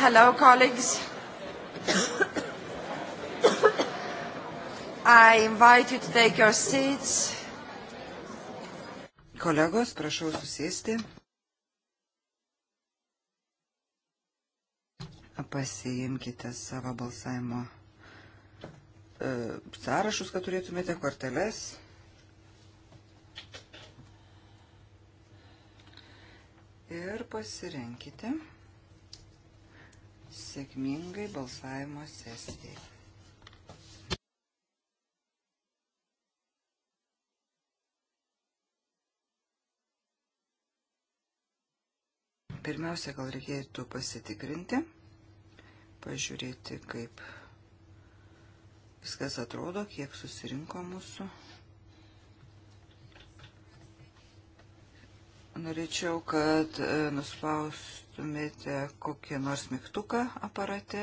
Hello, colleagues. I invite you to take your seats. Kolegos, prašau susėsti. Pasiimkite savo balsavimo e, sąrašus, kad turėtumėte korteles. Ir pasirenkite sėkmingai balsavimo sesijai. Pirmiausia, gal reikėtų pasitikrinti, pažiūrėti, kaip viskas atrodo, kiek susirinko mūsų. Norėčiau, kad e, nuspaustų spaustumėte kokį nors mygtuką aparate,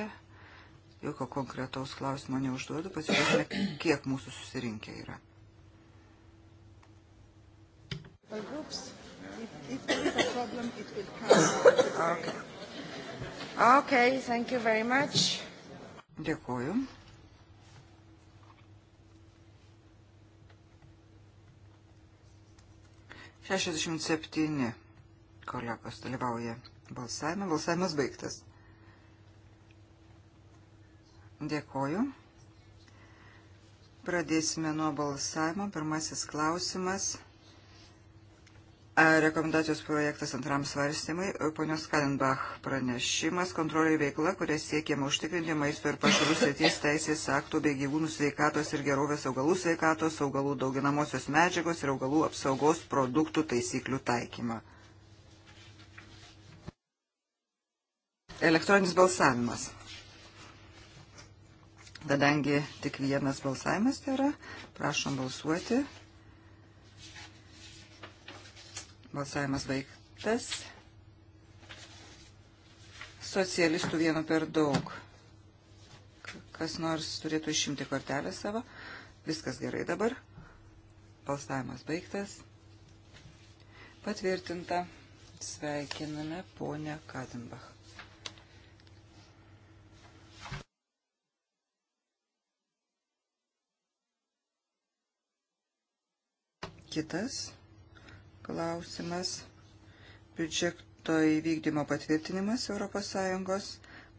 jokio konkretaus klausimo neužduodu, pasižiūrėsime, kiek mūsų susirinkę yra. Okay, thank you very much. Dėkuoju. Šešiasdešimt septyni kolegos dalyvauja balsavimą. Balsavimas baigtas. Dėkoju. Pradėsime nuo balsavimo. Pirmasis klausimas. Rekomendacijos projektas antram svarstymui. Ponios Kalenbach pranešimas. Kontrolė veikla, kuria siekiama užtikrinti maisto ir pašarų srities teisės aktų bei gyvūnų sveikatos ir gerovės augalų sveikatos, augalų dauginamosios medžiagos ir augalų apsaugos produktų taisyklių taikymą. Elektroninis balsavimas. Kadangi tik vienas balsavimas tai yra, prašom balsuoti. Balsavimas baigtas. Socialistų vienu per daug. Kas nors turėtų išimti kortelę savo. Viskas gerai dabar. Balsavimas baigtas. Patvirtinta. Sveikiname ponę Kadimbach. Kitas klausimas – biudžeto įvykdymo patvirtinimas ES.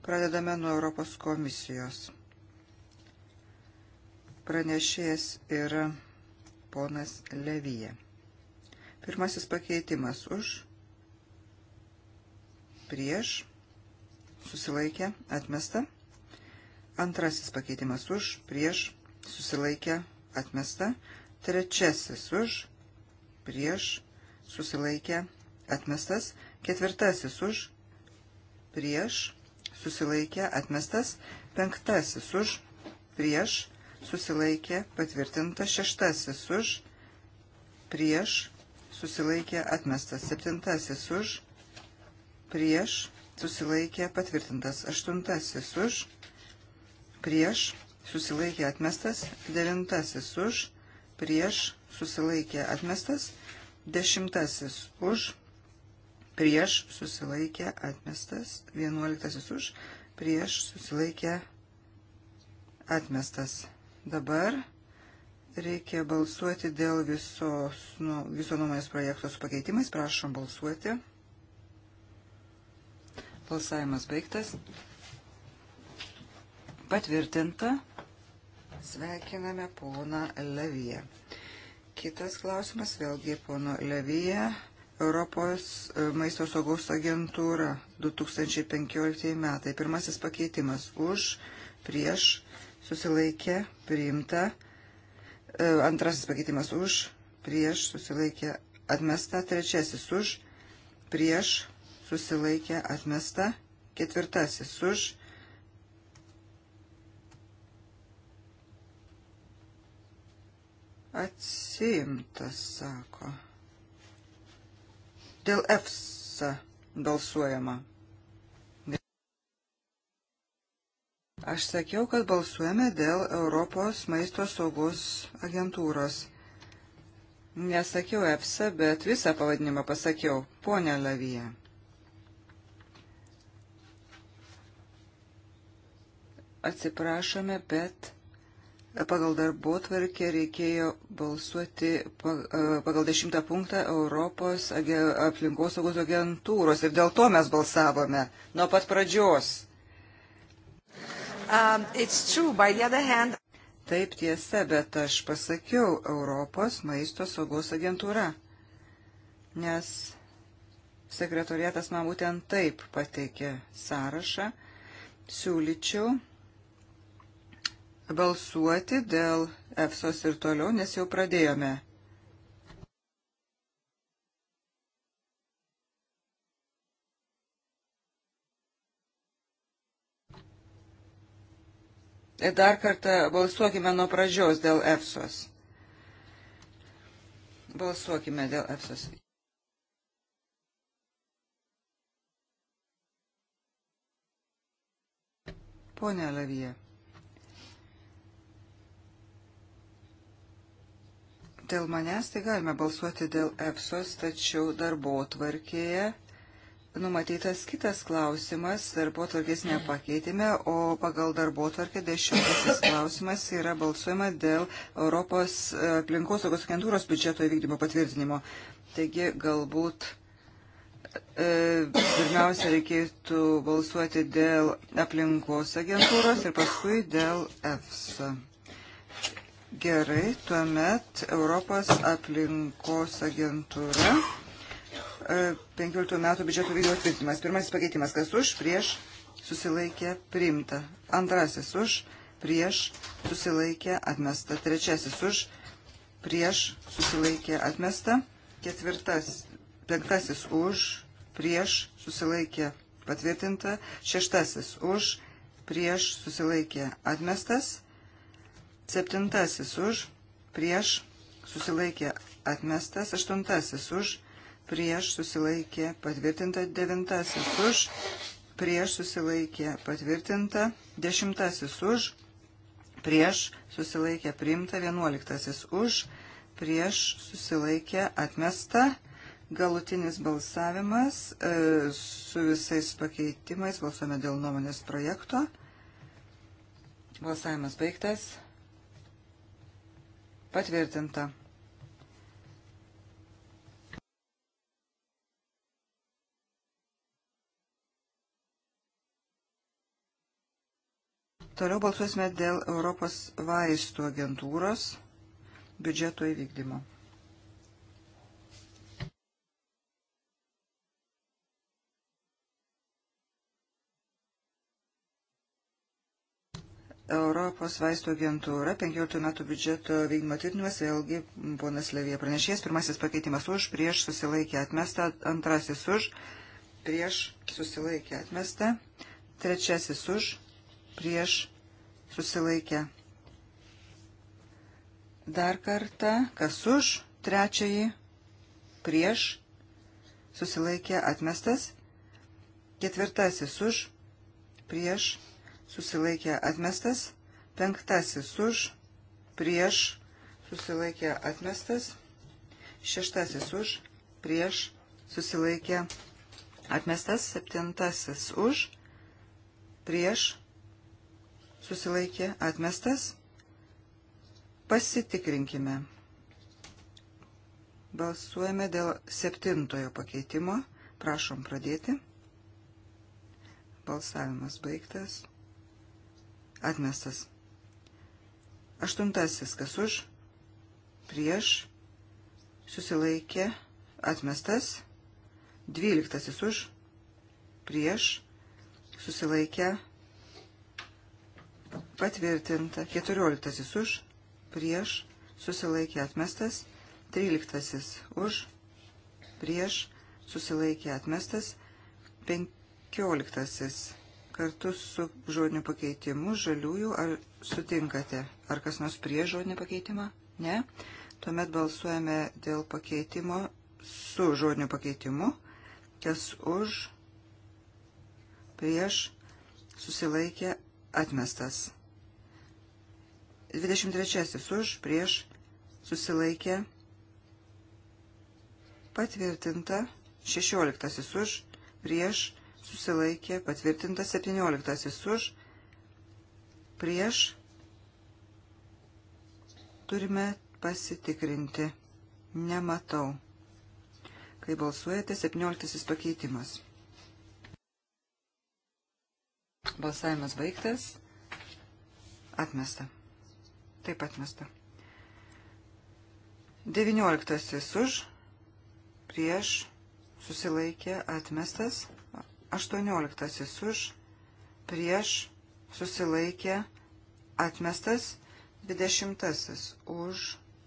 Pradedame nuo Europos komisijos. Pranešėjas yra ponas Levyje. Pirmasis pakeitimas už, prieš, susilaikę, atmesta. Antrasis pakeitimas už, prieš, susilaikę, atmesta. Trečiasis už, prieš, susilaikė, atmestas. Ketvirtasis už, prieš, susilaikė, atmestas. Penktasis už, prieš, susilaikė, patvirtintas. Šeštasis už, prieš, susilaikė, atmestas. Septintasis už, prieš, susilaikė, patvirtintas. Aštuntasis už, prieš, susilaikė, atmestas. Devintasis už, prieš prieš, susilaikė atmestas, dešimtasis už, prieš, susilaikė atmestas, vienuoliktasis už, prieš, susilaikė atmestas. Dabar reikia balsuoti dėl visos, nu, viso nuomonės projekto su pakeitimais. Prašom balsuoti. Balsavimas baigtas. Patvirtinta. Sveikiname poną Levyje. Kitas klausimas vėlgi pono Levyje. Europos e, maisto saugos agentūra 2015 metai. Pirmasis pakeitimas už, prieš, susilaikė, priimta. E, antrasis pakeitimas už, prieš, susilaikė, atmesta. Trečiasis už, prieš, susilaikė, atmesta. Ketvirtasis už, prieš Atsiimtas, sako. Dėl EFSA balsuojama. Aš sakiau, kad balsuojame dėl Europos maisto saugos agentūros. Nesakiau EFSA, bet visą pavadinimą pasakiau. Pone Lavija. Atsiprašome, bet pagal darbo tvarkę reikėjo balsuoti e, pagal dešimtą punktą Europos aplinkosaugos agentūros ir dėl to mes balsavome nuo pat pradžios. Um, true, hand... Taip tiesa, bet aš pasakiau Europos maisto saugos agentūra, nes sekretorietas man būtent taip pateikė sąrašą. Siūlyčiau balsuoti dėl EFSOS ir toliau, nes jau pradėjome. Dar kartą balsuokime nuo pradžios dėl EFSOS. Balsuokime dėl EFSOS. Pone Lavija. dėl manęs, tai galime balsuoti dėl EFSOS, tačiau darbo tvarkėje numatytas kitas klausimas, darbo tvarkės nepakeitime, o pagal darbo tvarkę dešimtasis klausimas yra balsuojama dėl Europos aplinkosaugos agentūros biudžeto įvykdymo patvirtinimo. Taigi galbūt e, pirmiausia reikėtų balsuoti dėl aplinkos agentūros ir paskui dėl EFSA. Gerai, tuomet Europos aplinkos agentūra 15 e, metų biudžeto vykdymo tvirtinimas. Pirmasis pakeitimas, kas už, prieš, susilaikė, priimta. Antrasis už, prieš, susilaikė, atmesta. Trečiasis už, prieš, susilaikė, atmesta. Ketvirtas, penktasis už, prieš, susilaikė, patvirtinta. Šeštasis už, prieš, susilaikė, atmestas Septintasis už, prieš, susilaikė atmestas. Aštuntasis už, prieš, susilaikė patvirtinta. Devintasis už, prieš, susilaikė patvirtinta. Dešimtasis už, prieš, susilaikė priimta. Vienuoliktasis už, prieš, susilaikė atmesta. Galutinis balsavimas e, su visais pakeitimais balsuome dėl nuomonės projekto. Balsavimas baigtas. Patvirtinta. Toliau balsuosime dėl Europos vaistų agentūros biudžeto įvykdymo. Europos vaistų agentūra, 15 metų biudžeto vykdymo tvirtinimas, vėlgi ponas Levija pranešės, pirmasis pakeitimas už, prieš susilaikė atmesta, antrasis už, prieš susilaikė atmesta, trečiasis už, prieš susilaikė. Dar kartą, kas už, trečiąjį, prieš susilaikė atmestas, ketvirtasis už, prieš susilaikė susilaikė atmestas, penktasis už, prieš, susilaikė atmestas, šeštasis už, prieš, susilaikė atmestas, septintasis už, prieš, susilaikė atmestas, pasitikrinkime. Balsuojame dėl septintojo pakeitimo. Prašom pradėti. Balsavimas baigtas. Atmestas. Aštuntasis, kas už, prieš, susilaikė, atmestas. Dvyliktasis už, prieš, susilaikė, patvirtinta. Keturioliktasis už, prieš, susilaikė, atmestas. Tryliktasis už, prieš, susilaikė, atmestas. Penkioliktasis už kartu su žodiniu pakeitimu žaliųjų. Ar sutinkate? Ar kas nors prie žodinį pakeitimą? Ne. Tuomet balsuojame dėl pakeitimo su žodiniu pakeitimu. Kas už, prieš, susilaikė, atmestas. 23 už, prieš, susilaikė, patvirtinta. 16 už, prieš, susilaikė susilaikė, patvirtintas 17 už, prieš, turime pasitikrinti, nematau, kai balsuojate 17 pakeitimas. Balsavimas baigtas, atmesta, taip atmesta. 19 už, prieš, susilaikė, atmestas, 18 už, prieš, susilaikė, atmestas, 20 už,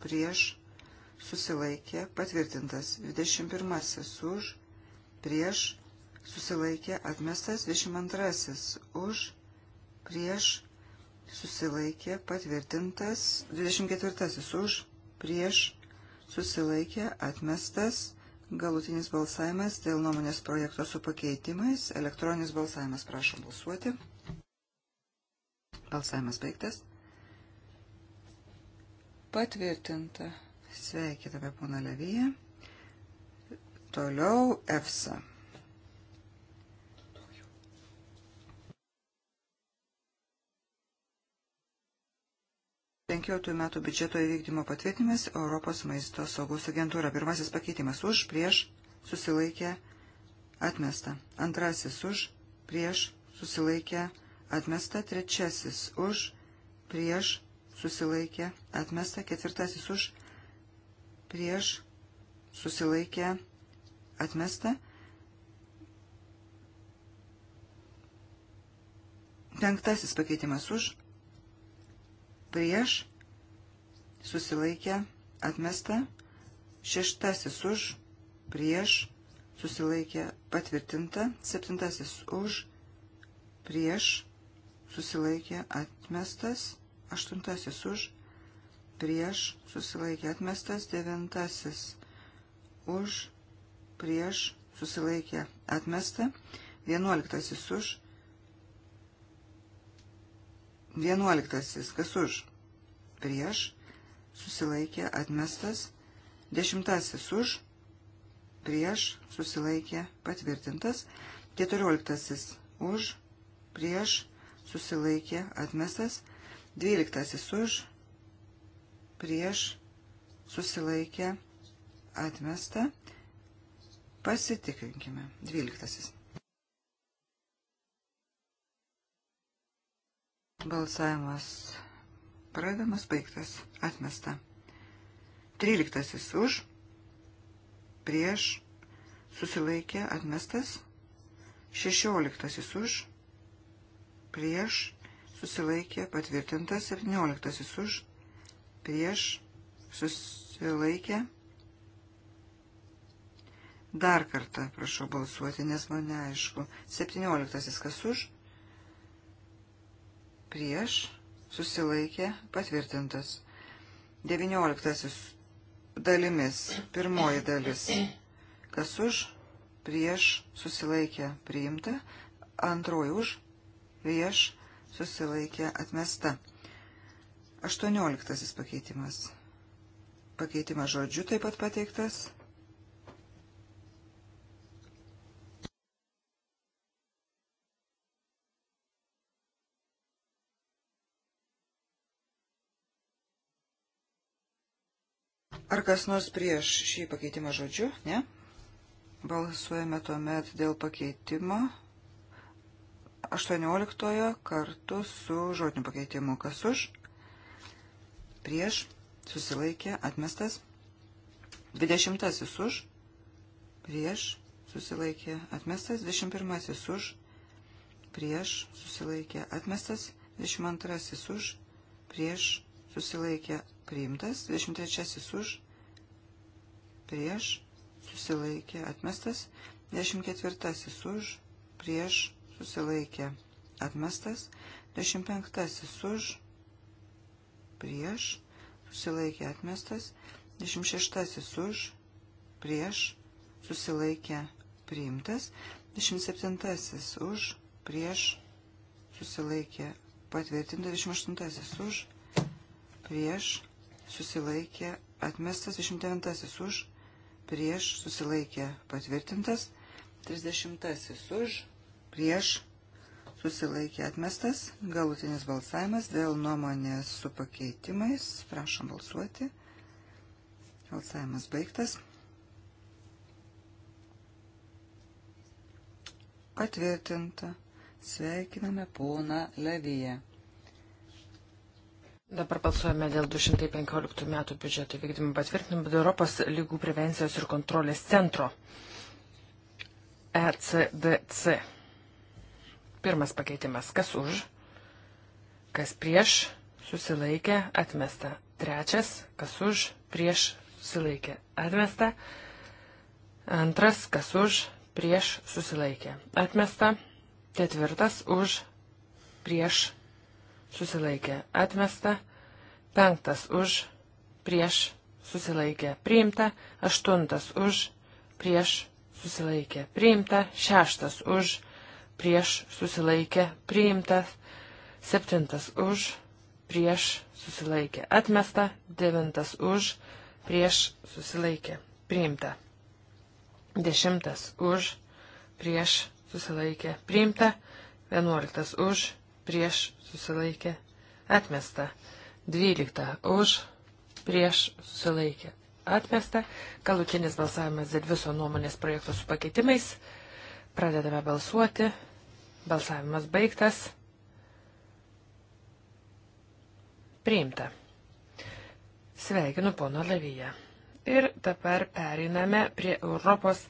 prieš, susilaikė, patvirtintas, 21 už, prieš, susilaikė, atmestas, 22 už, prieš, susilaikė, patvirtintas, 24 už, prieš, susilaikė, atmestas, Galutinis balsavimas dėl nuomonės projekto su pakeitimais. Elektroninis balsavimas. Prašom balsuoti. Balsavimas baigtas. Patvirtinta. Sveikiname poną Levyje. Toliau EFSA. 15 metų biudžeto įvykdymo patvirtinimas Europos maisto saugos agentūra. Pirmasis pakeitimas už, prieš, susilaikė, atmesta. Antrasis už, prieš, susilaikė, atmesta. Trečiasis už, prieš, susilaikė, atmesta. Ketvirtasis už, prieš, susilaikė, atmesta. Penktasis pakeitimas už, prieš, prieš, susilaikė, atmesta, šeštasis už, prieš, susilaikė, patvirtinta, septintasis už, prieš, susilaikė, atmestas, aštuntasis už, prieš, susilaikė, atmestas, devintasis už, prieš, susilaikė, atmesta, vienuoliktasis už, prieš, Vienuoliktasis, kas už, prieš, susilaikė, atmestas. Dešimtasis už, prieš, susilaikė, patvirtintas. Keturioliktasis už, prieš, susilaikė, atmestas. Dvyliktasis už, prieš, susilaikė, atmesta. Pasitikrinkime. Dvyliktasis. Balsavimas pradedamas, baigtas, atmesta. Tryliktasis už, prieš, susilaikė, atmestas. Šešioliktasis už, prieš, susilaikė, patvirtintas. Septynioliktasis už, prieš, susilaikė. Dar kartą prašau balsuoti, nes man neaišku. Septynioliktasis kas už, prieš prieš, susilaikė, patvirtintas. 19 dalimis, pirmoji dalis, kas už, prieš, susilaikė, priimta, antroji už, prieš, susilaikė, atmesta. 18 pakeitimas. Pakeitimas žodžiu taip pat pateiktas. Ar kas nors prieš šį pakeitimą žodžiu? Ne? Balsuojame tuomet dėl pakeitimo 18 kartu su žodiniu pakeitimu. Kas už? Prieš susilaikė atmestas. 20 už. Prieš susilaikė atmestas. 21 už. Prieš susilaikė atmestas. 22 už. Prieš susilaikė priimtas, 23 už, prieš, susilaikė atmestas, 24 už, prieš, susilaikė atmestas, 25 už, prieš, susilaikė atmestas, 26 už, prieš, susilaikė priimtas, 27 už, prieš, susilaikė patvirtinta, 28 už, prieš, prieš susilaikė atmestas, 29 už prieš susilaikė patvirtintas, 30 už prieš susilaikė atmestas, galutinis balsavimas dėl nuomonės su pakeitimais, prašom balsuoti, balsavimas baigtas. patvirtinta. Sveikiname poną Levyje. Dabar balsuojame dėl 215 metų biudžeto vykdymo patvirtinimo Europos lygų prevencijos ir kontrolės centro ECDC. Pirmas pakeitimas. Kas už? Kas prieš? Susilaikė. Atmesta. Trečias. Kas už? Prieš. Susilaikė. Atmesta. Antras. Kas už? Prieš. Susilaikė. Atmesta. Ketvirtas. Už. Prieš susilaikė atmesta, penktas už, prieš susilaikė priimta, aštuntas už, prieš susilaikė priimta, šeštas už, prieš susilaikė priimta, septintas už, prieš susilaikė atmesta, devintas už, prieš susilaikė priimta, dešimtas už, prieš susilaikė priimta, vienuoliktas už, prieš susilaikė atmesta. 12 už prieš susilaikė atmesta. Galutinis balsavimas dėl viso nuomonės projekto su pakeitimais. Pradedame balsuoti. Balsavimas baigtas. Priimta. Sveikinu pono Levyje. Ir dabar periname prie Europos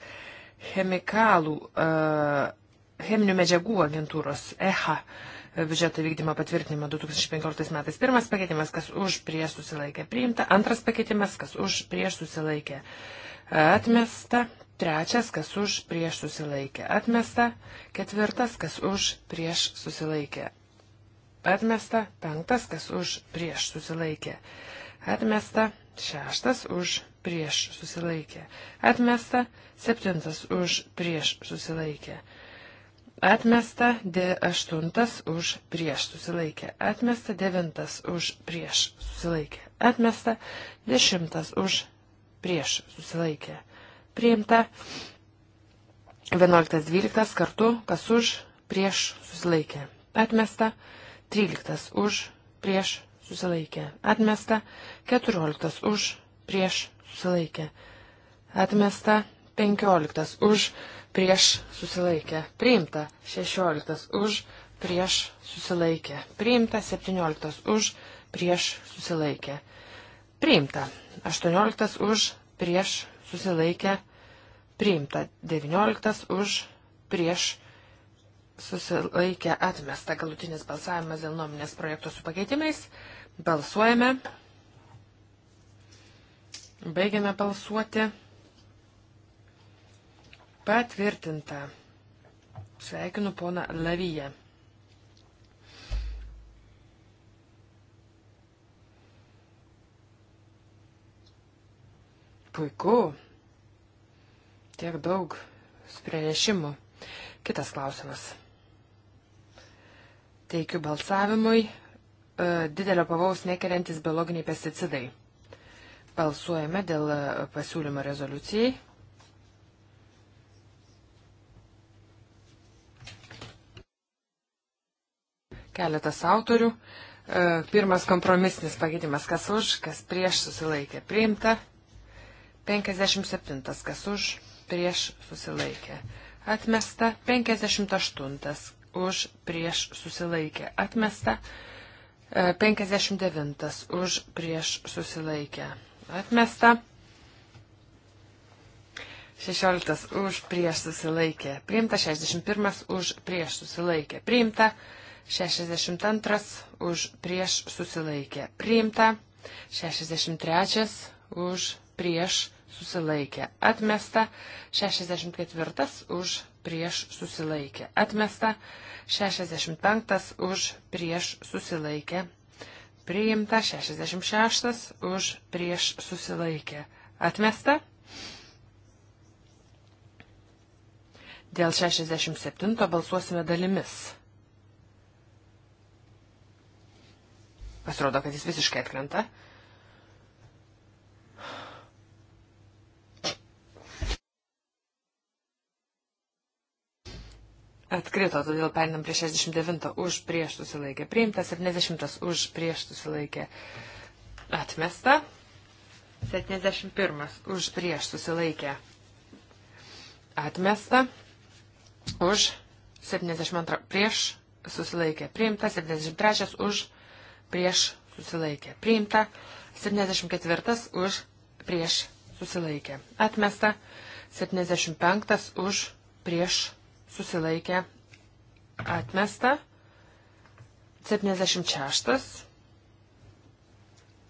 chemikalų, uh, cheminių medžiagų agentūros EHA. Uh, biudžeto vykdymo patvirtinimą 2015 metais. Pirmas pakeitimas, kas už prieš susilaikė priimta. Antras pakeitimas, kas už prieš susilaikė atmesta. Trečias, kas už prieš susilaikė atmesta. Ketvirtas, kas už prieš susilaikė atmesta. Penktas, kas už prieš susilaikė atmesta. Šeštas už prieš susilaikė atmesta. Septintas už prieš susilaikė atmesta Atmesta aštuntas už prieš susilaikė. Atmesta devintas už prieš susilaikė. Atmesta dešimtas už prieš susilaikė. Priimta vienuoliktas dvyliktas kartu, kas už prieš susilaikė. Atmesta tryliktas už prieš susilaikė. Atmesta keturioliktas už prieš susilaikė. Atmesta penkioliktas už prieš susilaikė prieš susilaikę, priimta 16 už, prieš susilaikę, priimta 17 už, prieš susilaikę, priimta 18 už, prieš susilaikę, priimta 19 už, prieš susilaikę atmesta galutinis balsavimas dėl nuomonės projekto su pakeitimais. Balsuojame. Baigiame balsuoti. Patvirtinta. Sveikinu poną Lavyje. Puiku. Tiek daug pranešimų. Kitas klausimas. Teikiu balsavimui e, didelio pavaus nekeliantis biologiniai pesticidai. Balsuojame dėl e, pasiūlymo rezoliucijai. Keletas autorių. E, pirmas kompromisinis pakeitimas, kas už, kas prieš susilaikė. Priimta. 57, kas už, prieš susilaikė. Atmesta. 58, už, prieš susilaikė. Atmesta. 59, e, už, prieš susilaikė. Atmesta. 16 už prieš susilaikė. Priimta 61 už prieš susilaikė. Priimta 62 už prieš susilaikė priimta, 63 už prieš susilaikė atmesta, 64 už prieš susilaikė atmesta, 65 už prieš susilaikė priimta, 66 už prieš susilaikė atmesta. Dėl 67 balsuosime dalimis. Pasirodo, kad jis visiškai atkrenta. Atkrito, todėl perinam prie 69 už prieš susilaikę. Priimta 70 už prieš susilaikę. Atmesta. 71 už prieš susilaikę. Atmesta. Už 72 prieš susilaikė. Priimta 73 už prieš susilaikė. Priimta 74 už prieš susilaikė. Atmesta 75 už prieš susilaikė. Atmesta 76.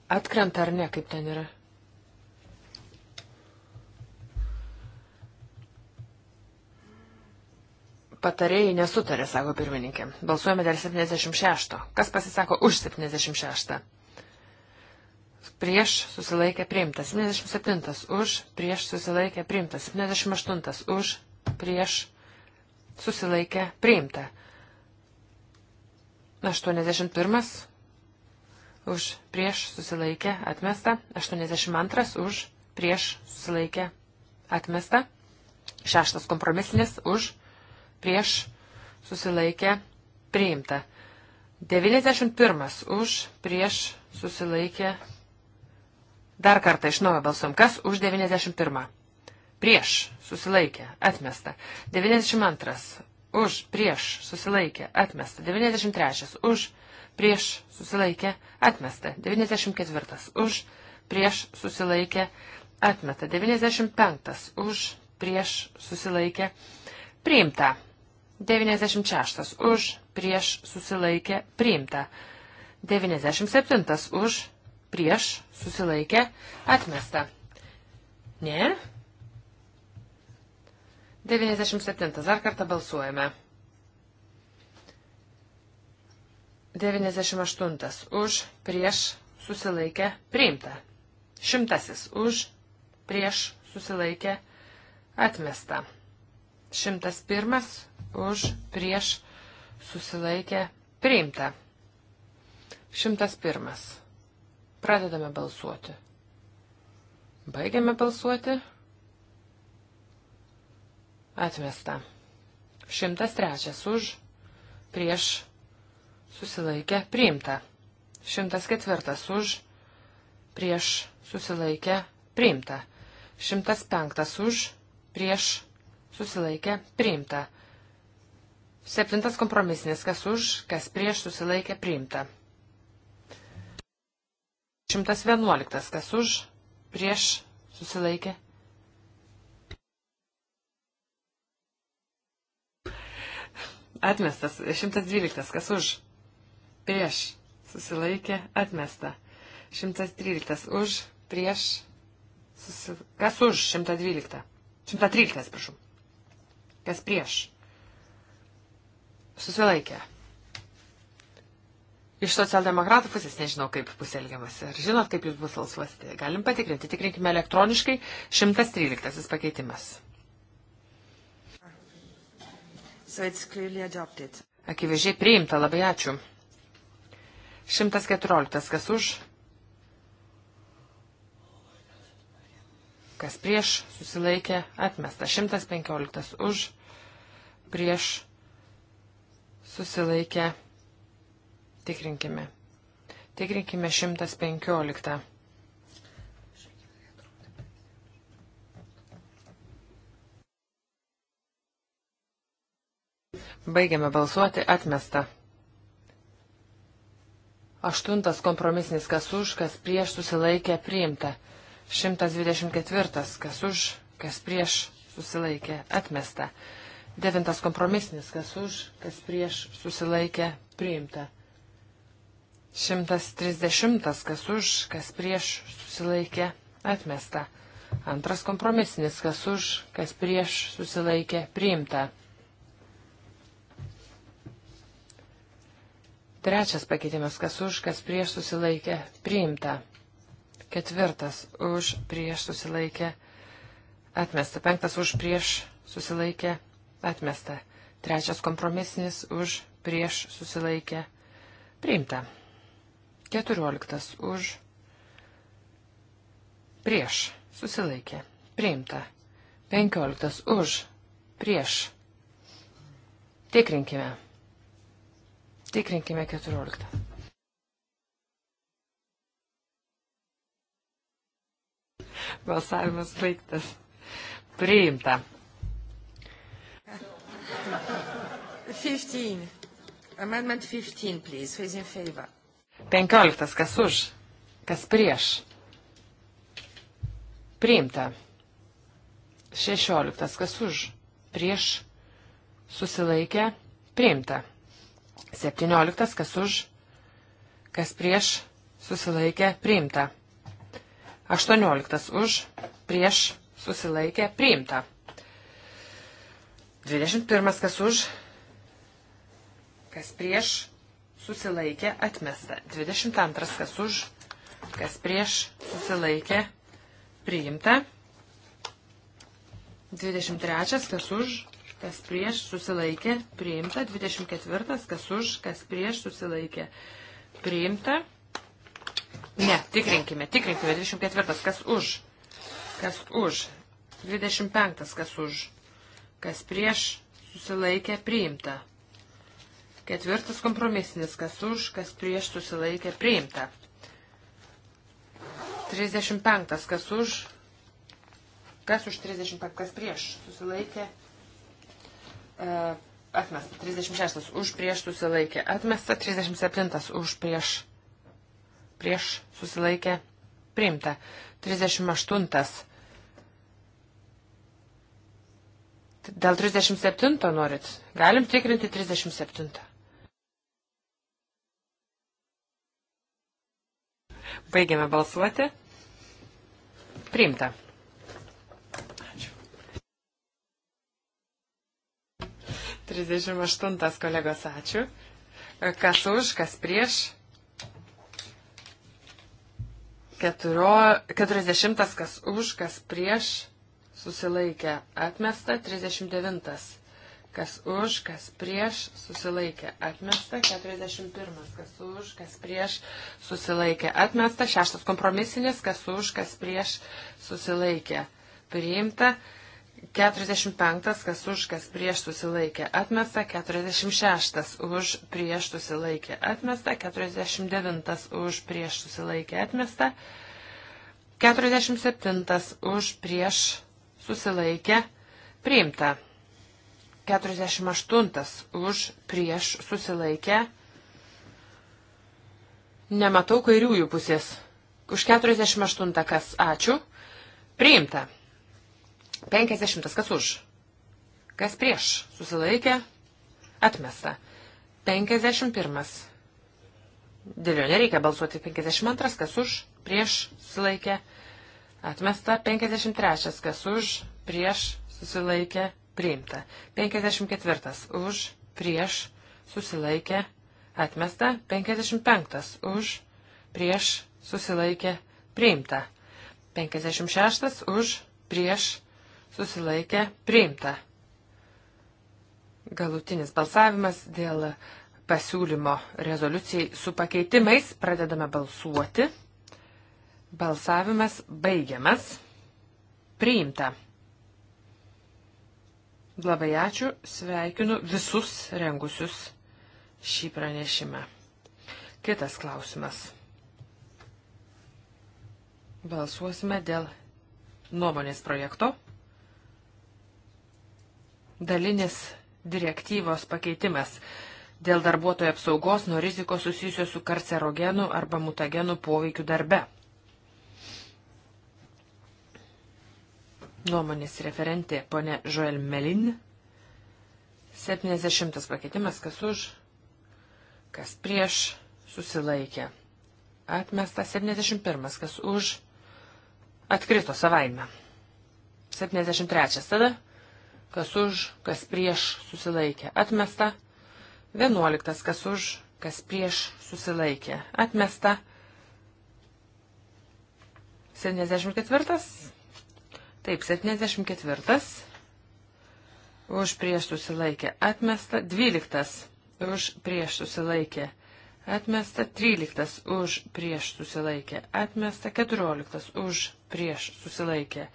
Atkrenta ar ne, kaip ten yra? patarėjai nesutarė, sako pirmininkė. Balsuojame dėl 76. Kas pasisako už 76? Prieš susilaikė priimta. 77. Už. Prieš susilaikė priimta. 78. Už. Prieš susilaikė priimta. 81. Už. Prieš susilaikė atmesta. 82. Už. Prieš susilaikė atmesta. Šeštas kompromisinis už prieš susilaikė priimta. 91 už prieš susilaikė. Dar kartą iš naujo balsuom. Kas už 91? Prieš susilaikė atmesta. 92 už prieš susilaikė atmesta. 93 už prieš susilaikė atmesta. 94 už prieš susilaikė atmesta. 95 už prieš susilaikė priimta. 96 už, prieš susilaikė priimta. 97 už, prieš susilaikė atmesta. Ne? 97. Dar kartą balsuojame. 98. Už, prieš, susilaikę, priimta. Šimtasis. Už, prieš, susilaikę, atmesta. Šimtas pirmas už, prieš, susilaikė, priimta. 101. Pradedame balsuoti. Baigiame balsuoti. Atmesta. 103 už, prieš, susilaikė, priimta. 104 už, prieš, susilaikė, priimta. 105 už, prieš, susilaikė, priimta. Septintas kompromisinis, kas už, kas prieš susilaikė priimta. 111, kas už, prieš susilaikė. Atmestas. 112, kas už, prieš susilaikė, atmesta. 113, už, prieš susilaikė. Kas už, 112? 113, prašau. Kas prieš? Susilaikė. Iš socialdemokratų pusės nežinau, kaip bus elgiamasi. Ar žinot, kaip jūs bus balsuosite? Galim patikrinti. Tikrinkime elektroniškai. 113 pakeitimas. So Akivaizdžiai priimta. Labai ačiū. 114. Kas už? Kas prieš? Susilaikė. Atmesta. 115. Už. Prieš susilaikę. Tikrinkime. Tikrinkime 115. Baigiame balsuoti atmesta. Aštuntas kompromisnis kas už, kas prieš susilaikė priimta. 124 kas už, kas prieš susilaikė atmesta. Devintas kompromisnis, kas už, kas prieš susilaikė priimta. 130, kas už, kas prieš susilaikė atmesta. Antras kompromisinis, kas už, kas prieš susilaikė priimta. Trečias pakeitimas, kas už, kas prieš susilaikė, priimta. Ketvirtas, už, prieš susilaikė, atmesta. Penktas, už, prieš susilaikė, atmesta. Trečias kompromisinis už prieš susilaikė priimta. Keturioliktas už prieš susilaikė priimta. Penkioliktas už prieš. Tikrinkime. Tikrinkime keturioliktą. Balsavimas baigtas. Priimta. 15. Amendment 15, please. Who is in favor? 15. Kas už? Kas prieš? Priimta. 16. Kas už? Prieš? Susilaikė? Priimta. 17. Kas už? Kas prieš? Susilaikė? Priimta. 18. Už? Prieš? Susilaikė? Priimta. 21 kas už, kas prieš, susilaikė, atmesta. 22 kas už, kas prieš, susilaikė, priimta. 23 kas už, kas prieš, susilaikė, priimta. 24 kas už, kas prieš, susilaikė, priimta. Ne, tikrinkime, tikrinkime. 24 kas už, kas už. 25 kas už kas prieš, susilaikė priimta. Ketvirtas kompromisinis, kas už, kas prieš, susilaikė priimta. 35, kas už, kas už 35, kas prieš, susilaikė uh, atmesta. 36, už prieš, susilaikė atmesta. 37, už prieš, prieš, susilaikė priimta. 38, Dėl 37 norit. Galim tikrinti 37. Baigiame balsuoti. Priimta. Ačiū. 38 kolegos, ačiū. Kas už, kas prieš. 40, kas už, kas prieš susilaikė atmesta, 39. Kas už, kas prieš, susilaikė atmesta, 41. Kas už, kas prieš, susilaikė atmesta, 6. Kompromisinis, kas už, kas prieš, susilaikė priimta, 45. Kas už, kas prieš, susilaikė atmesta, 46. Už, prieš, susilaikė atmesta, 49. Už, prieš, susilaikė atmesta, 47. Už, prieš, susilaikė atmesta. 47 už prieš susilaikė, priimta. 48 už, prieš, susilaikė. Nematau kairiųjų pusės. Už 48 kas ačiū. Priimta. 50 kas už. Kas prieš. Susilaikė. Atmesta. 51. Dėl jo nereikia balsuoti. 52 kas už. Prieš. Susilaikė. Atmesta. Atmesta 53, kas už, prieš, susilaikė, priimta. 54, už, prieš, susilaikė, atmesta. 55, už, prieš, susilaikė, priimta. 56, už, prieš, susilaikė, priimta. Galutinis balsavimas dėl pasiūlymo rezoliucijai su pakeitimais. Pradedame balsuoti. Balsavimas baigiamas. Priimta. Labai ačiū, sveikinu visus rengusius šį pranešimą. Kitas klausimas. Balsuosime dėl nuomonės projekto. Dalinis direktyvos pakeitimas dėl darbuotojų apsaugos nuo rizikos susijusios su karcerogenų arba mutagenų poveikiu darbe. Nuomonės referentė ponė Joel Melin. 70 pakeitimas, kas už, kas prieš, susilaikė. Atmesta 71, kas už, atkrito savaime. 73 tada, kas už, kas prieš, susilaikė. Atmesta 11, kas už, kas prieš, susilaikė. Atmesta 74. Taip, 74. Už prieš susilaikė atmesta. 12. Už prieš susilaikė atmesta. 13. Už prieš susilaikė atmesta. 14. Už prieš susilaikė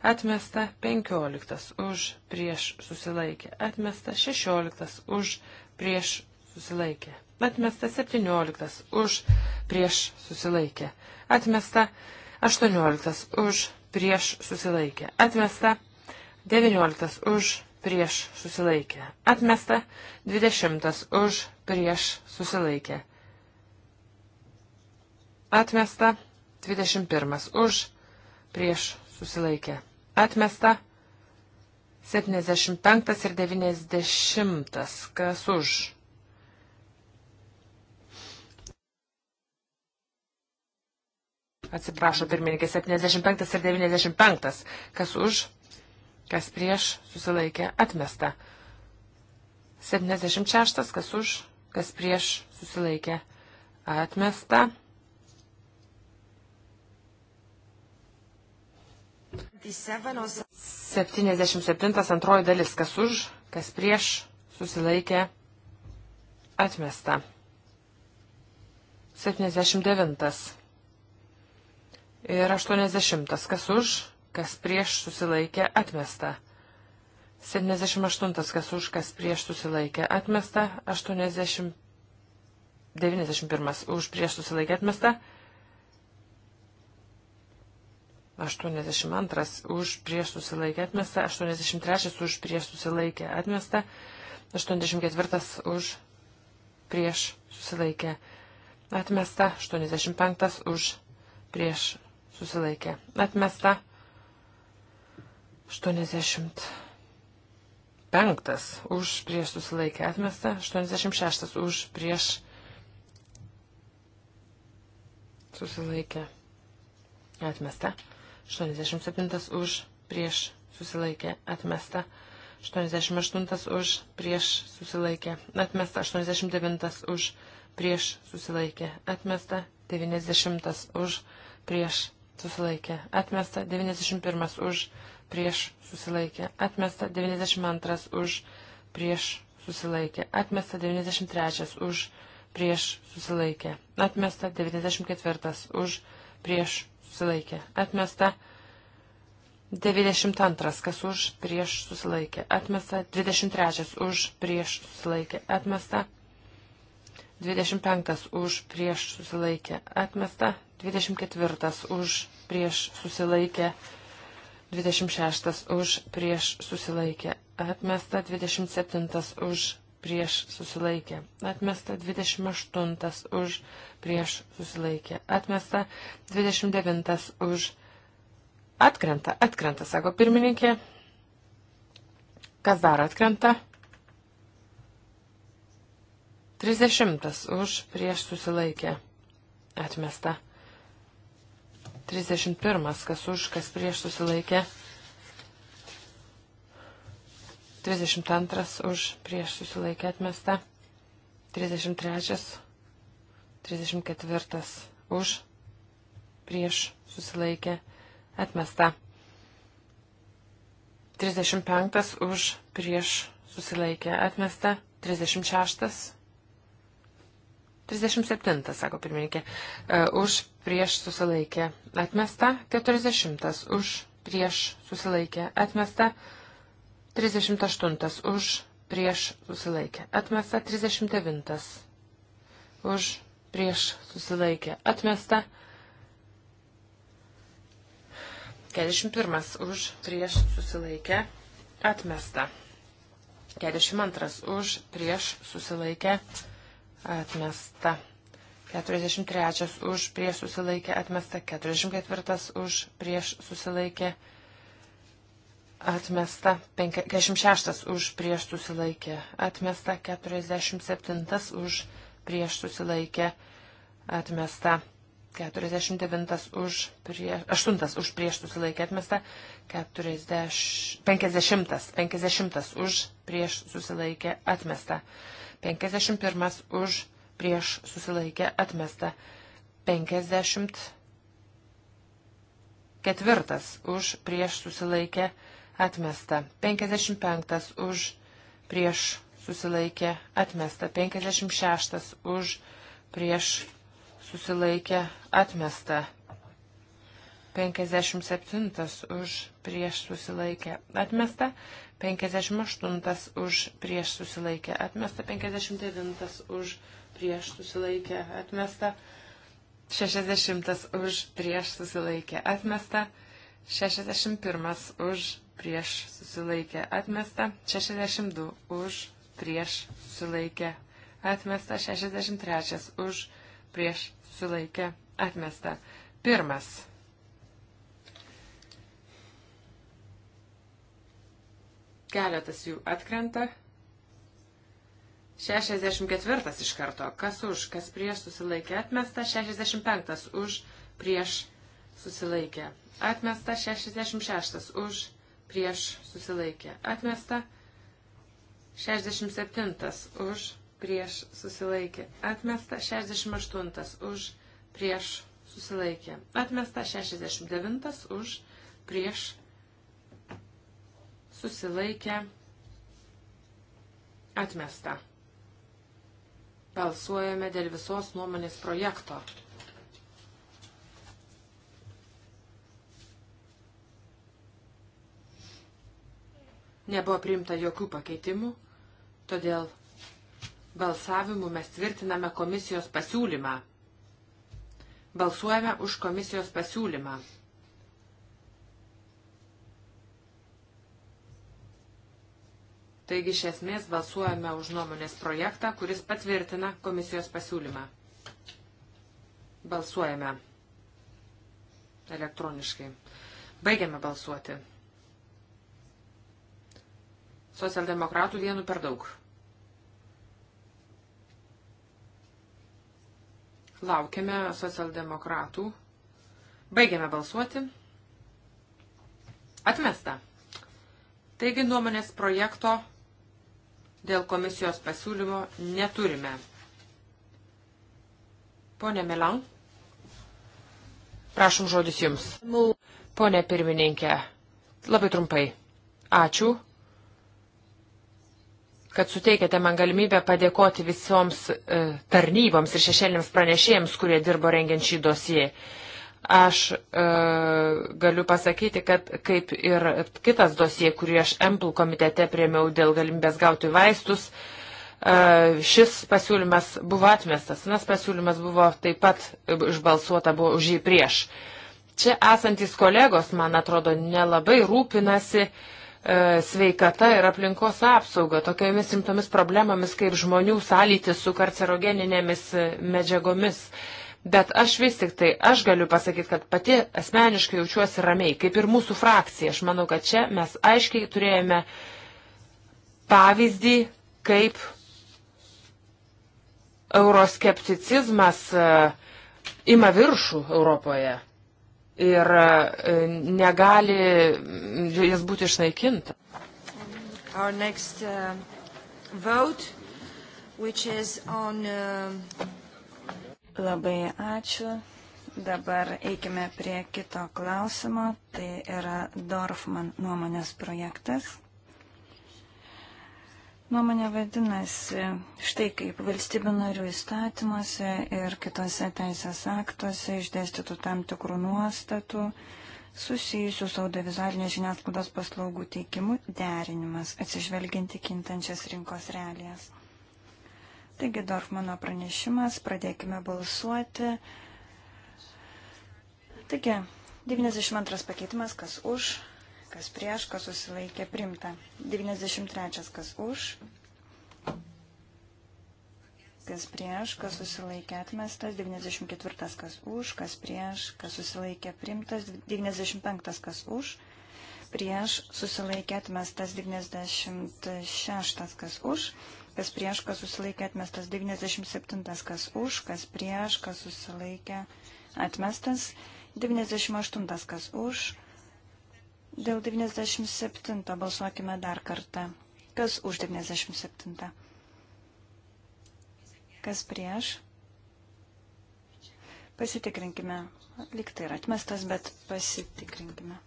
atmesta atmesta 15 už prieš susilaikė, atmesta 16 už prieš susilaikė, atmesta 17 už prieš susilaikė, atmesta 18 už prieš susilaikę. Atmesta 19 už prieš susilaikę. Atmesta 20 už prieš susilaikę. Atmesta 21 už prieš susilaikę. Atmesta 75 ir 90 kas už atsiprašo pirmininkė, 75 ir 95, kas už, kas prieš, susilaikė, atmesta. 76, kas už, kas prieš, susilaikė, atmesta. 77 antroji dalis, kas už, kas prieš, susilaikė, atmesta. 79. Ir 80. Kas už, kas prieš susilaikė atmesta. 78. Kas už, kas prieš susilaikė atmesta. 80. 91. Už prieš susilaikė atmesta. 82. Už prieš susilaikė atmesta. 83. Už prieš susilaikė atmesta. 84. Už prieš susilaikė atmesta. 85. Už prieš susilaikė, atmesta. 85 už prieš susilaikė, atmesta. 86 už prieš susilaikė, atmesta. 87 už prieš susilaikė, atmesta. 88 už prieš susilaikė, atmesta. 89 už prieš susilaikė, atmesta. 90 už prieš susilaikė, atmesta 91 už, prieš susilaikė, atmesta 92 už, prieš susilaikė, atmesta 93 už, prieš susilaikė, atmesta 94 už, prieš susilaikė, atmesta 92, kas už, prieš susilaikė, atmesta 23 už, prieš susilaikė, atmesta 25 už, prieš susilaikė, atmesta 24 už prieš susilaikę, 26 už prieš susilaikę, atmesta 27 už prieš susilaikę, atmesta 28 už prieš susilaikę, atmesta 29 už atkrenta, atkrenta, sako pirmininkė. Kas dar atkrenta? 30 už prieš susilaikę atmesta. 31. Kas už, kas prieš susilaikė. 32. Už, prieš susilaikė atmesta. 33. 34. Už, prieš susilaikė atmesta. 35. Už, prieš susilaikė atmesta. 36 37, sako pirmininkė, e, už prieš susilaikę atmesta, 40 už prieš susilaikę atmesta, 38 už prieš susilaikę atmesta, 39 už prieš susilaikę atmesta, 41 už prieš susilaikę atmesta, 42 už prieš susilaikę atmesta atmesta. 43 už prieš susilaikė atmesta, 44 už prieš susilaikė atmesta, 56 už prieš susilaikė atmesta, 47 už prieš susilaikė atmesta, 49 už prieš, 8 už prieš susilaikė atmesta, 40, 50, 50 už prieš susilaikė atmesta. 51 už prieš susilaikę atmesta. 54 už prieš susilaikę atmesta. 55 už prieš susilaikę atmesta. 56 už prieš susilaikę atmesta. 57 už prieš susilaikę atmesta, 58 už prieš susilaikę atmesta, 59 už prieš susilaikę atmesta, 60 už prieš susilaikę atmesta, 61 už prieš susilaikę atmesta, 62 už prieš susilaikę atmesta, 63 už prieš susilaikę atmesta. Pirmas Keletas jų atkrenta. 64 iš karto. Kas už, kas prieš susilaikė atmesta. 65 už, prieš susilaikė. Atmesta 66 už, prieš susilaikė. Atmesta 67 už, prieš susilaikė. Atmesta 68 už, prieš susilaikė. Atmesta 69 už, prieš susilaikę, atmesta. Balsuojame dėl visos nuomonės projekto. Nebuvo priimta jokių pakeitimų, todėl balsavimu mes tvirtiname komisijos pasiūlymą. Balsuojame už komisijos pasiūlymą. Taigi iš esmės balsuojame už nuomonės projektą, kuris patvirtina komisijos pasiūlymą. Balsuojame elektroniškai. Baigiame balsuoti. Socialdemokratų vienu per daug. Laukiame socialdemokratų. Baigiame balsuoti. Atmesta. Taigi nuomonės projekto dėl komisijos pasiūlymo neturime. Pone Milan, prašom žodis Jums. Pone pirmininkė, labai trumpai. Ačiū, kad suteikėte man galimybę padėkoti visoms e, tarnyboms ir šešėlėms pranešėjams, kurie dirbo rengiant šį dosiją. Aš e, galiu pasakyti, kad kaip ir kitas dosie, kurį aš MPL komitete priemiau dėl galimybės gauti vaistus, e, šis pasiūlymas buvo atmestas. Nas pasiūlymas buvo taip pat išbalsuota, buvo už jį prieš. Čia esantis kolegos, man atrodo, nelabai rūpinasi e, sveikata ir aplinkos apsauga tokiamis simtomis problemomis kaip žmonių sąlytis su karcerogeninėmis medžiagomis. Uh, Bet aš vis tik tai, aš galiu pasakyti, kad pati asmeniškai jaučiuosi ramiai, kaip ir mūsų frakcija. Aš manau, kad čia mes aiškiai turėjome pavyzdį, kaip euroskepticizmas e, ima viršų Europoje ir e, negali e, jis būti išnaikinta. Our next uh, vote, which is on uh, Labai ačiū. Dabar eikime prie kito klausimo. Tai yra Dorfman nuomonės projektas. Nuomonė vadinasi štai kaip valstybių narių įstatymuose ir kitose teisės aktuose išdėstytų tam tikrų nuostatų susijusių su audiovizualinės žiniasklaidos paslaugų teikimu derinimas, atsižvelginti kintančias rinkos realijas. Taigi Dorfmano pranešimas, pradėkime balsuoti. Taigi, 92 pakeitimas, kas už, kas prieš, kas susilaikė, primta. 93 kas už, kas prieš, kas susilaikė atmestas, 94 kas už, kas prieš, kas susilaikė primtas, 95 kas už, prieš susilaikė atmestas, 96 kas už, kas prieš, kas susilaikė atmestas, 97, kas už, kas prieš, kas susilaikė atmestas, 98, kas už. Dėl 97 balsuokime dar kartą. Kas už 97? Kas prieš? Pasitikrinkime. Liktai yra atmestas, bet pasitikrinkime.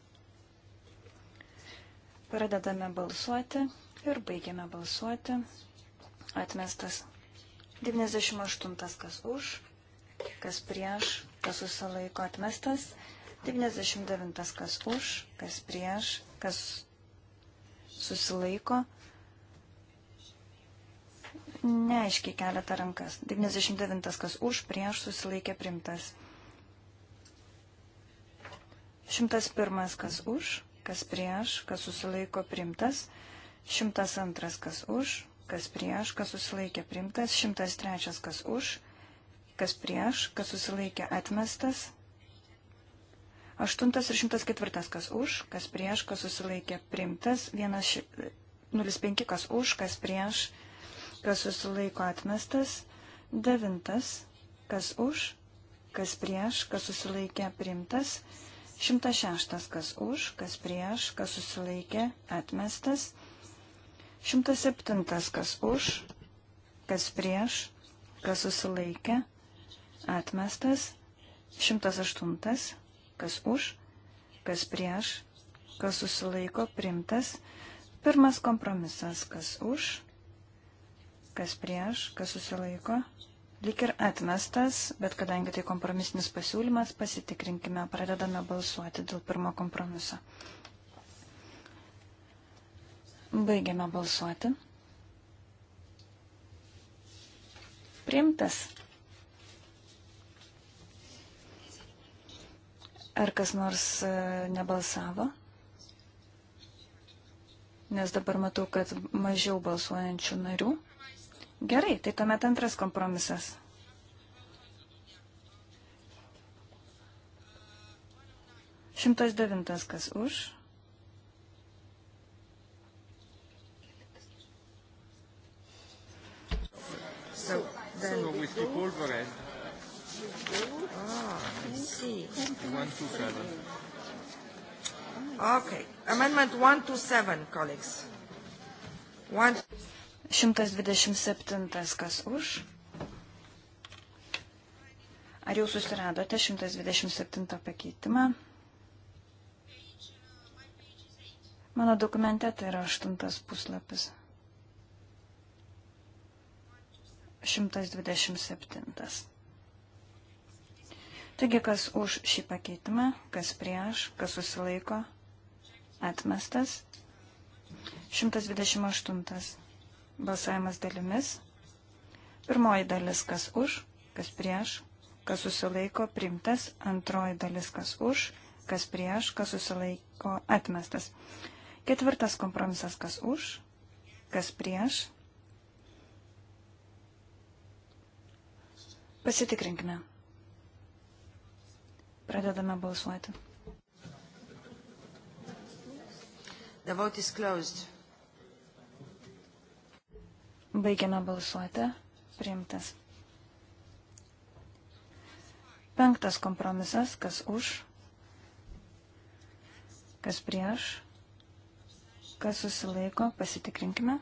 Pradedame balsuoti ir baigiame balsuoti atmestas. 98 kas už, kas prieš, kas susilaiko atmestas. 99 kas už, kas prieš, kas susilaiko. Neaiškiai keletą rankas. 99 kas už, prieš susilaikė primtas. 101 kas už, kas prieš, kas susilaiko primtas. 102 kas už, kas prieš, kas susilaikė primtas, 103 kas už, kas prieš, kas susilaikė atmestas, 8 ir 104 kas už, kas prieš, kas susilaikė primtas, 105 kas už, kas prieš, kas susilaiko atmestas, 9 kas už, kas prieš, kas susilaikė primtas, 106 kas už, kas prieš, kas susilaikė atmestas, 107 107. Kas už, kas prieš, kas susilaikė, atmestas. 108. Kas už, kas prieš, kas susilaiko, primtas. Pirmas kompromisas. Kas už, kas prieš, kas susilaiko, lik ir atmestas, bet kadangi tai kompromisinis pasiūlymas, pasitikrinkime, pradedame balsuoti dėl pirmo kompromiso. Baigiame balsuoti. Priimtas. Ar kas nors e, nebalsavo? Nes dabar matau, kad mažiau balsuojančių narių. Gerai, tai tuomet antras kompromisas. Šimtas devintas kas už? understand. For whiskey pulverized. Ah, I see. One, two, seven. Okay. Amendment 127, colleagues. One... 127, kas už? Ar jau susiradote 127 pakeitimą? Mano dokumente tai yra aštuntas puslapis. 127. Taigi, kas už šį pakeitimą, kas prieš, kas susilaiko, atmestas. 128. Balsavimas dalimis. Pirmoji dalis, kas už, kas prieš, kas susilaiko, primtas. Antroji dalis, kas už, kas prieš, kas susilaiko, atmestas. Ketvirtas kompromisas, kas už, kas prieš, Pasitikrinkime. Pradedame balsuoti. The vote is closed. Baigiame balsuoti. Priimtas. Penktas kompromisas, kas už, kas prieš, kas susilaiko, pasitikrinkime.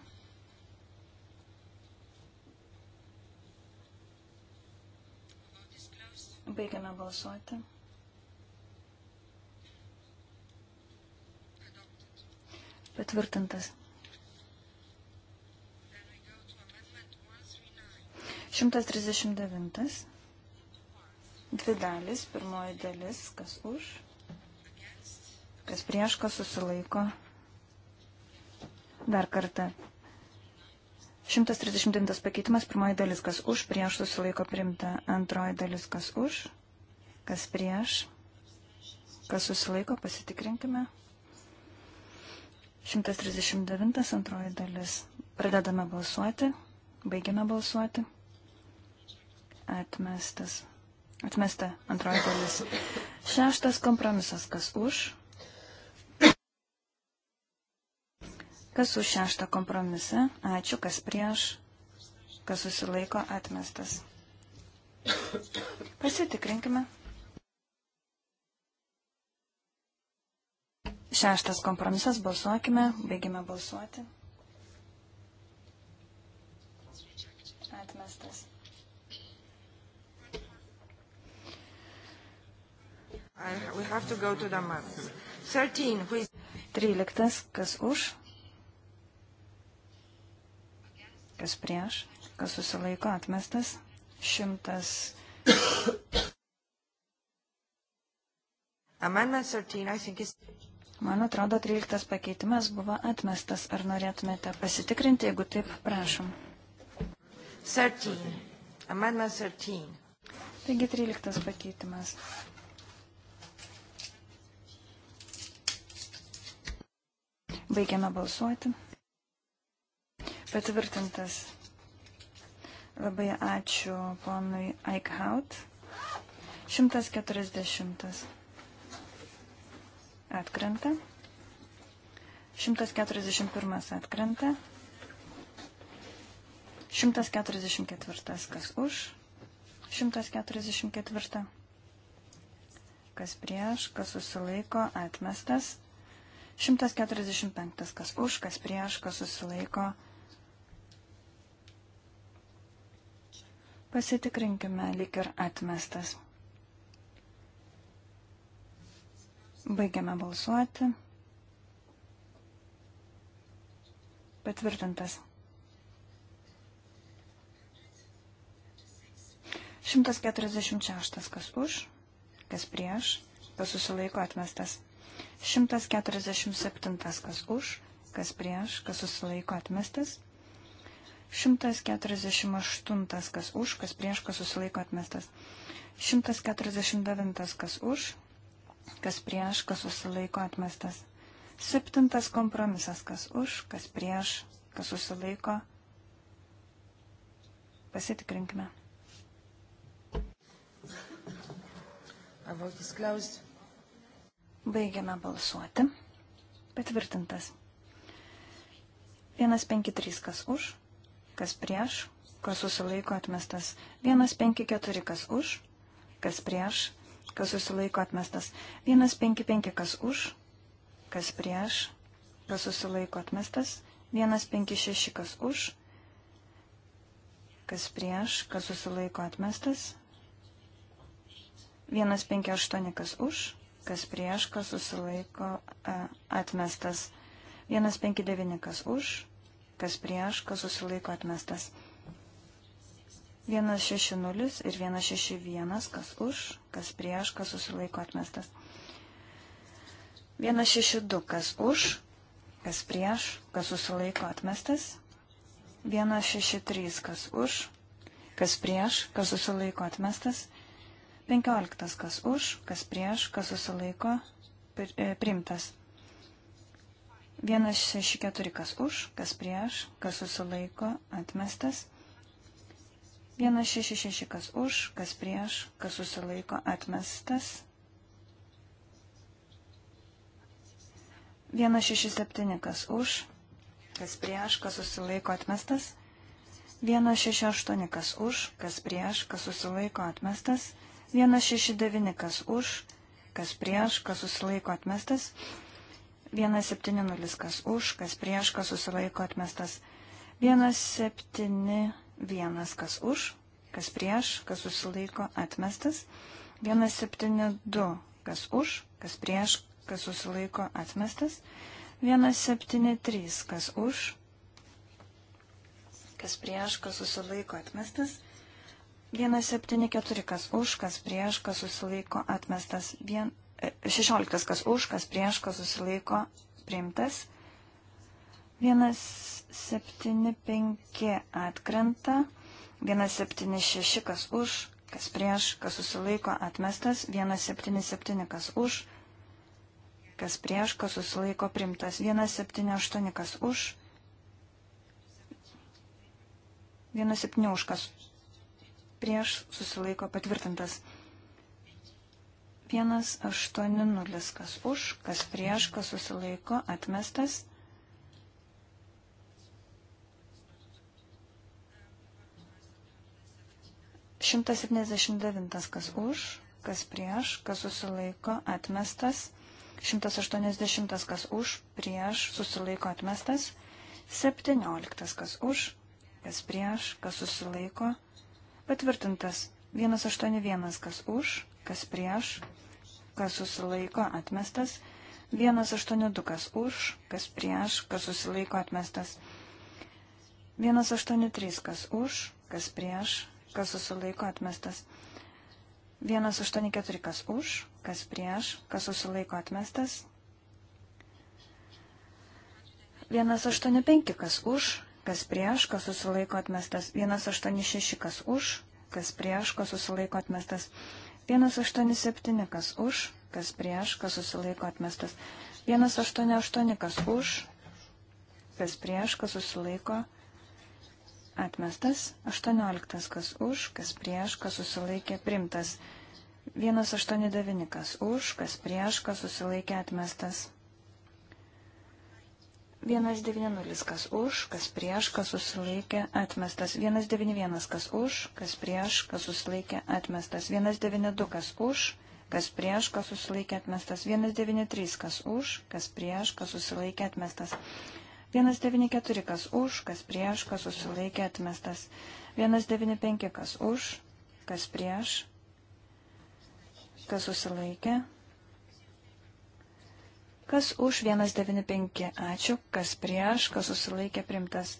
Baigiame balsuoti. Patvirtintas. 139. Dvi dalis, pirmoji dalis, kas už, kas prieš, kas susilaiko. Dar kartą 139 pakeitimas, pirmoji dalis, kas už, prieš susilaiko primta, antroji dalis, kas už, kas prieš, kas susilaiko, pasitikrinkime. 139 antroji dalis. Pradedame balsuoti, baigiame balsuoti. Atmestas. Atmesta antroji dalis. Šeštas kompromisas, kas už, Kas už šeštą kompromisą? Ačiū. Kas prieš? Kas susilaiko? Atmestas. Pasitikrinkime. Šeštas kompromisas. Balsuokime. Baigime balsuoti. Atmestas. I, we have to go to the math. 13. Who is... 13. Kas už? kas prieš, kas susilaiko atmestas, šimtas. Man atrodo, 13 pakeitimas buvo atmestas. Ar norėtumėte pasitikrinti, jeigu taip, prašom. 13. Amendment 13. Taigi 13 pakeitimas. Baigiame balsuoti. Patvirtintas. Labai ačiū ponui Eichhaut. 140. Atkrenta. 141 atkrenta. 144 kas už. 144. Kas prieš, kas susilaiko, atmestas. 145 kas už, kas prieš, kas susilaiko, atmestas. Pasitikrinkime, lik ir atmestas. Baigiame balsuoti. Patvirtintas. 146. Kas už, kas prieš, kas susilaiko atmestas. 147. Kas už, kas prieš, kas susilaiko atmestas. 148 kas už, kas prieš, kas susilaiko atmestas. 149 kas už, kas prieš, kas susilaiko atmestas. Septintas kompromisas kas už, kas prieš, kas susilaiko. Pasitikrinkime. Baigiame balsuoti. Patvirtintas. 153 kas už, kas prieš, kas susilaiko atmestas. 154, kas už, kas prieš, kas susilaiko atmestas. 155, kas už, kas prieš, kas susilaiko atmestas. 156, kas už, kas prieš, kas susilaiko atmestas. 158, kas už, kas prieš, kas susilaiko atmestas. 159, kas už, kas prieš, kas susilaiko atmestas. 160 ir 161, kas už, kas prieš, kas susilaiko atmestas. 162, kas už, kas prieš, kas susilaiko atmestas. 163, kas už, kas prieš, kas susilaiko atmestas. 15, kas už, kas prieš, kas susilaiko e, priimtas. Vienas šeši keturi, kas už, kas prieš, kas susilaiko, atmestas. Vienas šeši šeši, kas už, kas prieš, kas susilaiko, atmestas. Vienas šeši septyni, kas už, kas prieš, kas susilaiko, atmestas. Vienas šeši aštuoni, kas už, kas prieš, kas susilaiko, atmestas. Vienas šeši devyni, kas už, kas prieš, kas susilaiko, atmestas. 1, 6, 9, 170, kas už, kas prieš, kas susilaiko atmestas. 171, kas už, kas prieš, kas susilaiko atmestas. 172, kas už, kas prieš, kas susilaiko atmestas. 173, kas už, kas prieš, kas susilaiko atmestas. 174, kas už, kas prieš, kas susilaiko atmestas. 1, 16, kas už, kas prieš, kas susilaiko, priimtas. 175 atkrenta, 176 kas už, kas prieš, kas susilaiko, atmestas, 177 kas už, kas prieš, kas susilaiko, priimtas, 178 kas už, 17 už, kas prieš, susilaiko, patvirtintas. 180, kas už, kas prieš, kas susilaiko, atmestas. Šimtas septyniasdešimt devintas, kas už, kas prieš, kas susilaiko, atmestas. Šimtas aštuoniasdešimtas, kas už, prieš, susilaiko, atmestas. Septynioliktas, kas už, kas prieš, kas susilaiko, patvirtintas. 181, kas už, kas prieš, kas susilaiko atmestas, 182 kas už, kas prieš, kas susilaiko atmestas, 183 kas už, kas prieš, kas susilaiko atmestas, 184 kas už, kas prieš, kas susilaiko atmestas, 185 kas už, kas prieš, kas susilaiko atmestas, 186 kas už, kas prieš, kas susilaiko atmestas, 186 187 kas už, kas prieš, kas susilaiko atmestas. 188 kas už, kas prieš, kas susilaiko atmestas. 18 kas už, kas prieš, kas susilaikė primtas. 189 kas už, kas prieš, kas susilaikė atmestas. 190 kas už, kas prieš, kas susilaikė, atmestas. 191 kas už, kas prieš, kas susilaikė, atmestas. 192 kas už, kas prieš, kas susilaikė, atmestas. 193 kas už, kas prieš, kas susilaikė, atmestas. 194 kas už, kas prieš, kas susilaikė, atmestas. 195 kas už, kas prieš, kas susilaikė, Kas už 195? Ačiū. Kas prieš? Kas susilaikė primtas?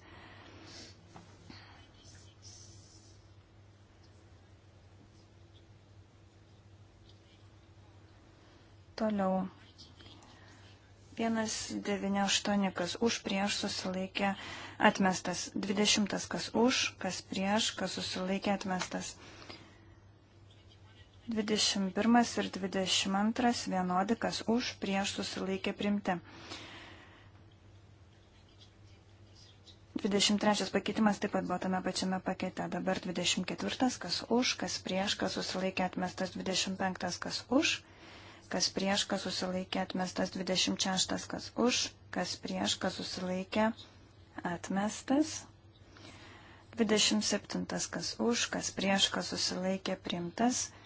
Toliau. 198, kas už, prieš susilaikė atmestas. 20, kas už, kas prieš, kas susilaikė atmestas. 21 ir 22 vienodi, kas už, prieš susilaikė primti. 23 pakeitimas taip pat buvo tame pačiame pakete. Dabar 24, kas už, kas prieš, kas susilaikė atmestas 25, kas už, kas prieš, kas susilaikė atmestas 26, kas už, kas prieš, kas susilaikė atmestas 27, kas už, kas prieš, kas susilaikė primtas 26.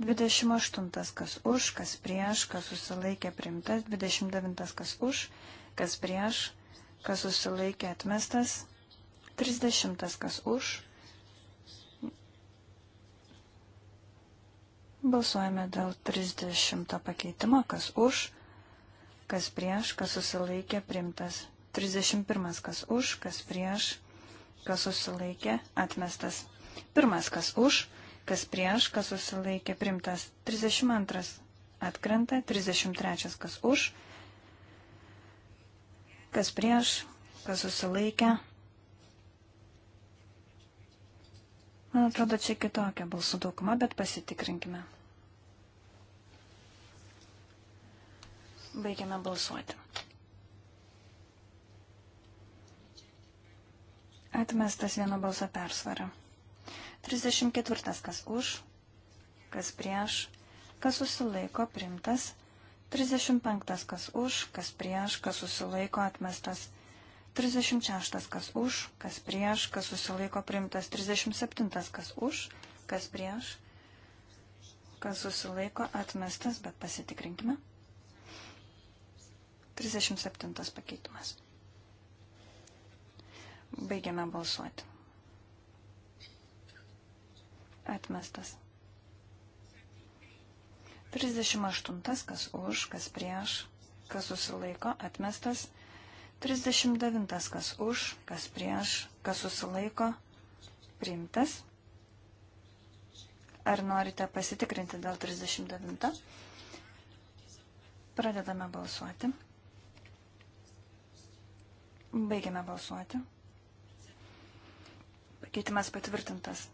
28 kas už, kas prieš, kas susilaikė priimtas, 29 kas už, kas prieš, kas susilaikė atmestas, 30 kas už. Balsuojame dėl 30 pakeitimo, kas už, kas prieš, kas susilaikė priimtas, 31 kas už, kas prieš, kas susilaikė atmestas, 1 kas už, kas prieš, kas susilaikė primtas. 32 atkrenta, 33 kas už, kas prieš, kas susilaikė. Man atrodo, čia kitokia balsų dauguma, bet pasitikrinkime. Baigiame balsuoti. Atmestas vieno balso persvara. 34. Kas už, kas prieš, kas susilaiko primtas. 35. Kas už, kas prieš, kas susilaiko atmestas. 36. Kas už, kas prieš, kas susilaiko primtas. 37. Kas už, kas prieš, kas susilaiko atmestas, bet pasitikrinkime. 37. pakeitimas. Baigiame balsuoti. Atmestas. 38. Kas už, kas prieš, kas susilaiko. Atmestas. 39. Kas už, kas prieš, kas susilaiko. Priimtas. Ar norite pasitikrinti dėl 39? Pradedame balsuoti. Baigiame balsuoti. Pakeitimas patvirtintas.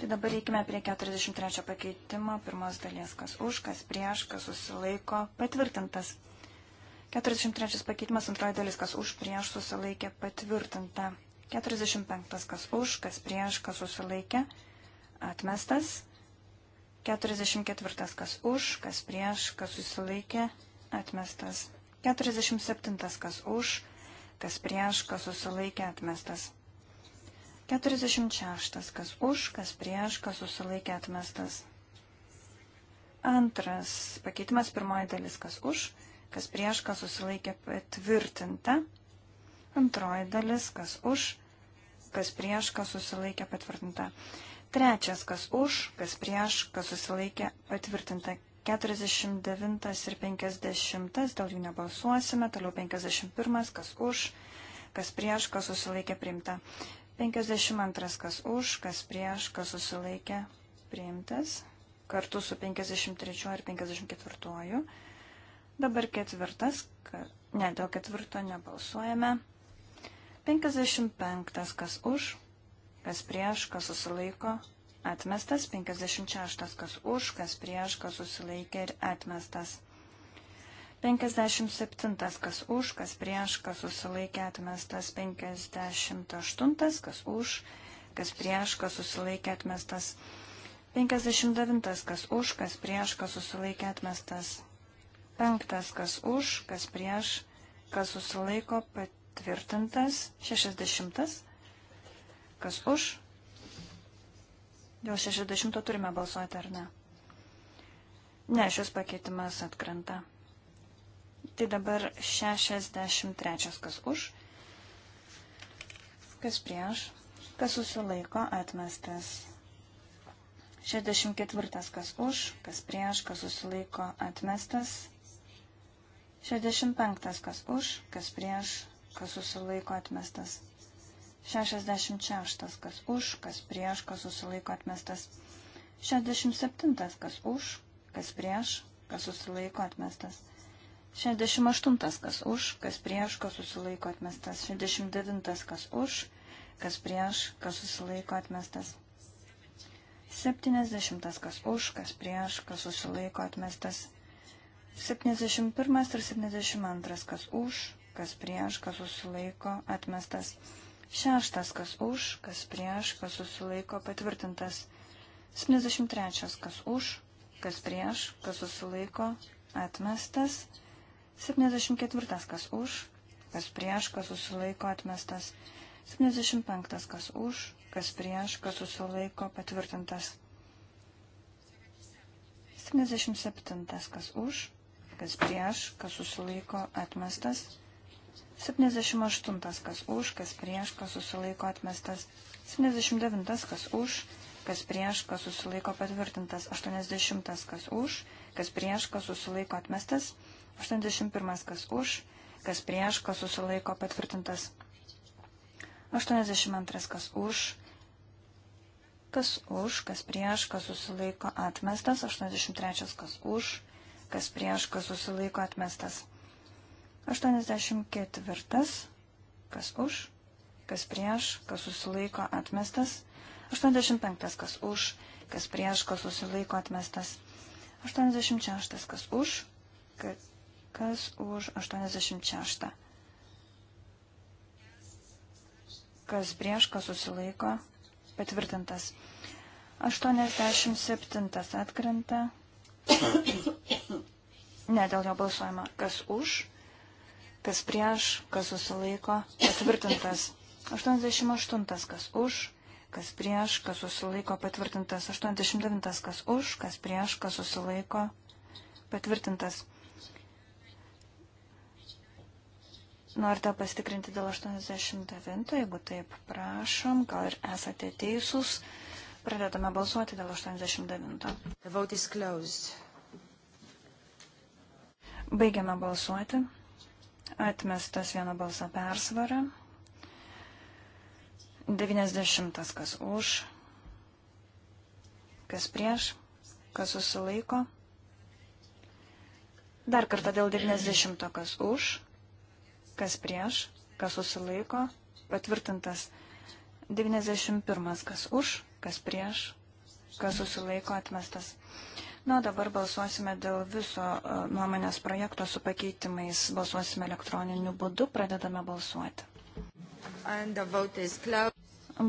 Tai dabar reikime prie 43 pakeitimo, pirmos dalies, kas už, kas prieš, kas susilaiko, patvirtintas. 43 pakeitimas, antroji dalis, kas už, prieš, susilaikė, patvirtinta. 45 kas už, kas prieš, kas susilaikė, atmestas. 44 kas už, kas prieš, kas susilaikė, atmestas. 47 kas už, kas prieš, kas susilaikė, atmestas. 46. Kas už, kas prieš, kas susilaikė atmestas. Antras pakeitimas, pirmoji dalis, kas už, kas prieš, kas susilaikė patvirtinta. Antroji dalis, kas už, kas prieš, kas susilaikė patvirtinta. Trečias, kas už, kas prieš, kas susilaikė patvirtinta. 49 ir 50, dėl jų nebalsuosime. Toliau 51, kas už, kas prieš, kas susilaikė priimta. 52 kas už, kas prieš, kas susilaikė, priimtas. Kartu su 53 ir 54. Dabar ketvirtas, ne, dėl ketvirto nebalsuojame. 55 kas už, kas prieš, kas susilaiko, atmestas. 56 kas už, kas prieš, kas susilaikė ir atmestas. 57. Kas už, kas prieš, kas susilaikė atmestas. 58. Kas už, kas prieš, kas susilaikė atmestas. 59. Kas už, kas prieš, kas susilaikė atmestas. 5. Kas už, kas prieš, kas susilaiko patvirtintas. 60. Kas už. Dėl 60 turime balsuoti ar ne? Ne, šis pakeitimas atkrenta. Tai dabar 63. Kas už? Kas prieš? Kas susilaiko? Atmestas. 64. Kas už? Kas prieš? Kas susilaiko? Atmestas. 65. Kas už? Kas prieš? Kas susilaiko? Atmestas. 66, kas už, kas prieš, kas susilaiko atmestas. 67, kas už, kas prieš, kas susilaiko atmestas. 68 kas už, kas prieš, kas susilaiko atmestas. 69 kas už, kas prieš, kas susilaiko atmestas. 70 kas už, kas prieš, kas susilaiko atmestas. 71 ir 72 kas už, kas prieš, kas susilaiko atmestas. 6 kas už, kas prieš, kas susilaiko patvirtintas. 73 kas už, kas prieš, kas susilaiko atmestas. 74 kas už, kas prieš, kas susilaiko atmestas. 75 kas už, kas prieš, kas susilaiko patvirtintas. 77 kas už, kas prieš, kas susilaiko atmestas. 78 kas už, kas prieš, kas susilaiko atmestas. 79 kas už, kas prieš, kas susilaiko patvirtintas, 80 kas už, kas prieš, kas susilaiko atmestas, 81 kas už, kas prieš, kas susilaiko patvirtintas. 82 kas už, kas už, kas prieš, kas susilaiko atmestas. 83 kas už, kas prieš, kas susilaiko atmestas. 84 kas už, kas prieš, kas susilaiko atmestas. 85 kas už, kas prieš, kas susilaiko atmestas. 86 kas už, kas Kas už 86? Kas prieš, kas susilaiko? Patvirtintas. 87 atkrenta. Ne, dėl jo balsuojama. Kas už, kas prieš, kas susilaiko? Patvirtintas. 88 kas už, kas prieš, kas susilaiko patvirtintas, 89 kas už, kas prieš, kas susilaiko patvirtintas, Norite pastikrinti dėl 89, jeigu taip prašom, gal ir esate teisūs. Pradedame balsuoti dėl 89. The vote is closed. Baigiame balsuoti. Atmestas vieno balsą persvarą. 90 kas už, kas prieš, kas susilaiko. Dar kartą dėl 90 kas už, kas prieš, kas susilaiko, patvirtintas 91, kas už, kas prieš, kas susilaiko atmestas. Na, dabar balsuosime dėl viso e, nuomonės projekto su pakeitimais. Balsuosime elektroniniu būdu, pradedame balsuoti.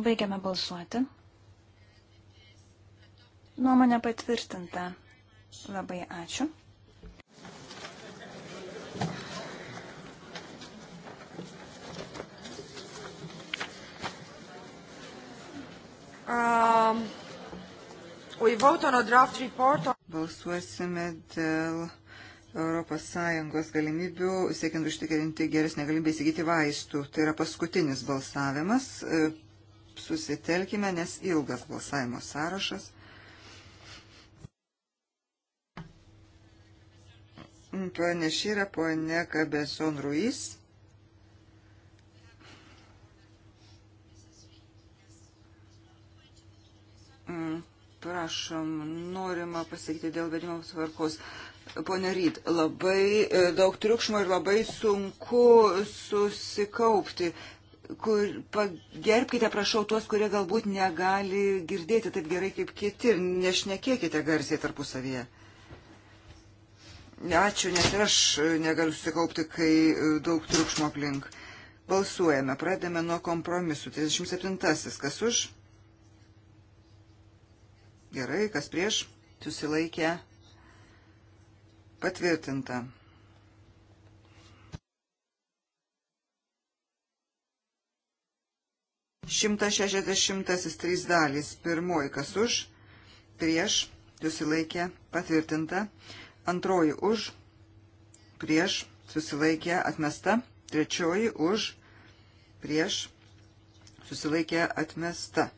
Baigiame balsuoti. Nuomonė patvirtinta. Labai ačiū. Um, on... Balsuosime dėl ES galimybių, siekiant užtikrinti geresnę galimybę įsigyti vaistų. Tai yra paskutinis balsavimas. E, susitelkime, nes ilgas balsavimo sąrašas. Pranešė yra ponė Kabeson Ruiz. Mm, prašom, norima pasakyti dėl vedimo tvarkos. Pone Ryd, labai e, daug triukšmo ir labai sunku susikaupti. Kur, pagerbkite, prašau, tuos, kurie galbūt negali girdėti taip gerai kaip kiti ir nešnekėkite garsiai tarpusavyje. Ačiū, nes ir aš negaliu susikaupti, kai e, daug triukšmo aplink. Balsuojame, pradedame nuo kompromisų. 37. Kas už? Gerai, kas prieš? Susilaikė. Patvirtinta. Šimtas šešiasdešimtasis trys dalys. Pirmoji kas už, prieš, susilaikė, patvirtinta. Antroji už, prieš, susilaikė, atmesta. Trečioji už, prieš, susilaikė, atmesta.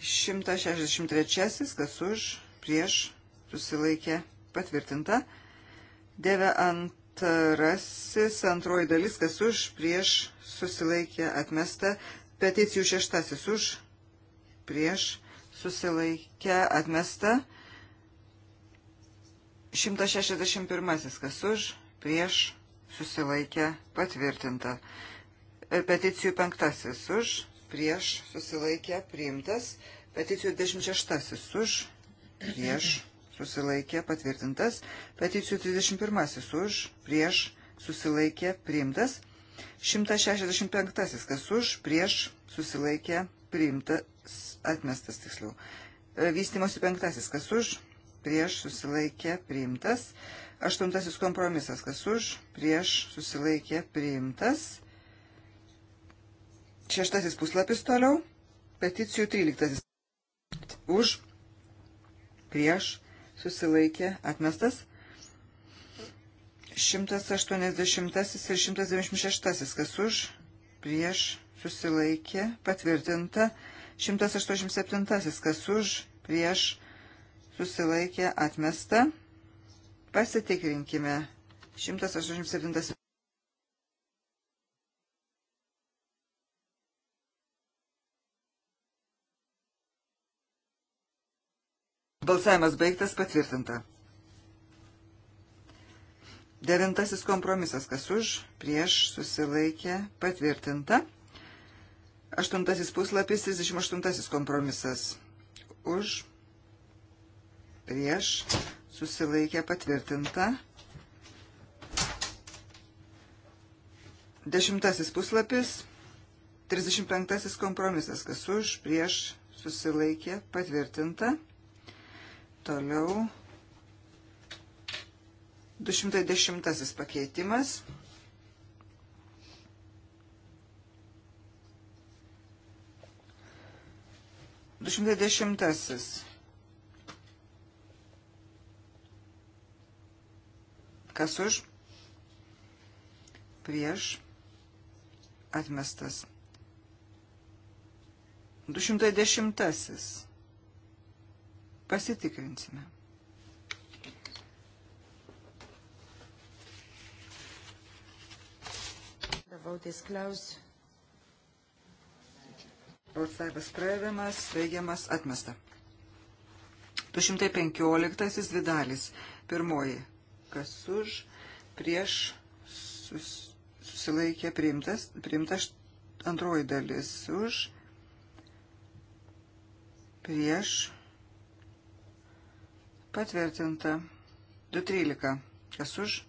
163, kas už, prieš, susilaikė, patvirtinta. 92, antroji dalis, kas už, prieš, susilaikė, atmesta. Peticijų šeštasis už, prieš, susilaikė, atmesta. 161, kas už, prieš, susilaikė, patvirtinta. Peticijų penktasis už, prieš susilaikė priimtas. Peticijų 26 už prieš susilaikė patvirtintas. Peticijų 31 už prieš susilaikė priimtas. 165 kas už prieš susilaikė priimtas atmestas tiksliau. E, vystimosi penktasis kas už prieš susilaikė priimtas. Aštuntasis kompromisas kas už prieš susilaikė priimtas. Šeštasis puslapis toliau. Peticijų 13. Už, prieš, susilaikė, atmestas. 180 ir 196. Kas už, prieš, susilaikė, patvirtinta. 187. Kas už, prieš, susilaikė, atmesta. Pasitikrinkime. 187. Balsavimas baigtas patvirtinta. Devintasis kompromisas, kas už, prieš, susilaikė, patvirtinta. Aštuntasis puslapis, 38 kompromisas. Už, prieš, susilaikė, patvirtinta. Dešimtasis puslapis, 35 kompromisas, kas už, prieš, susilaikė, patvirtinta. Toliau. 210 pakeitimas. Du šimtai dešimtasis. Kas už? Prieš. Atmestas. Du šimtai dešimtasis. Pasitikrinsime. Balsavimas pradedamas, baigiamas, atmesta. 215 dvi dalys. Pirmoji, kas už, prieš sus, susilaikė priimtas, priimtas antroji dalis už, prieš Patvirtinta. 2.13. Kas už?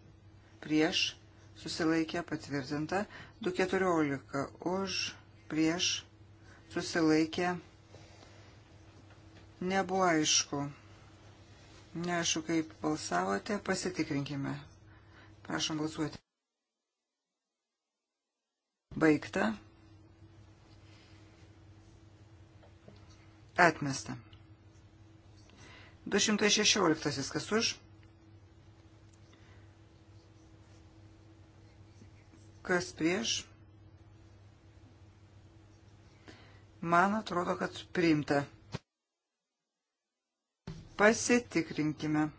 Prieš. Susilaikė. Patvirtinta. 2.14. Už. Prieš. Susilaikė. Nebuvo aišku. Neaišku, kaip balsavote. Pasitikrinkime. Prašom balsuoti. Baigta. Atmesta. 216. Kas už? Kas prieš? Man atrodo, kad priimta. Pasitikrinkime.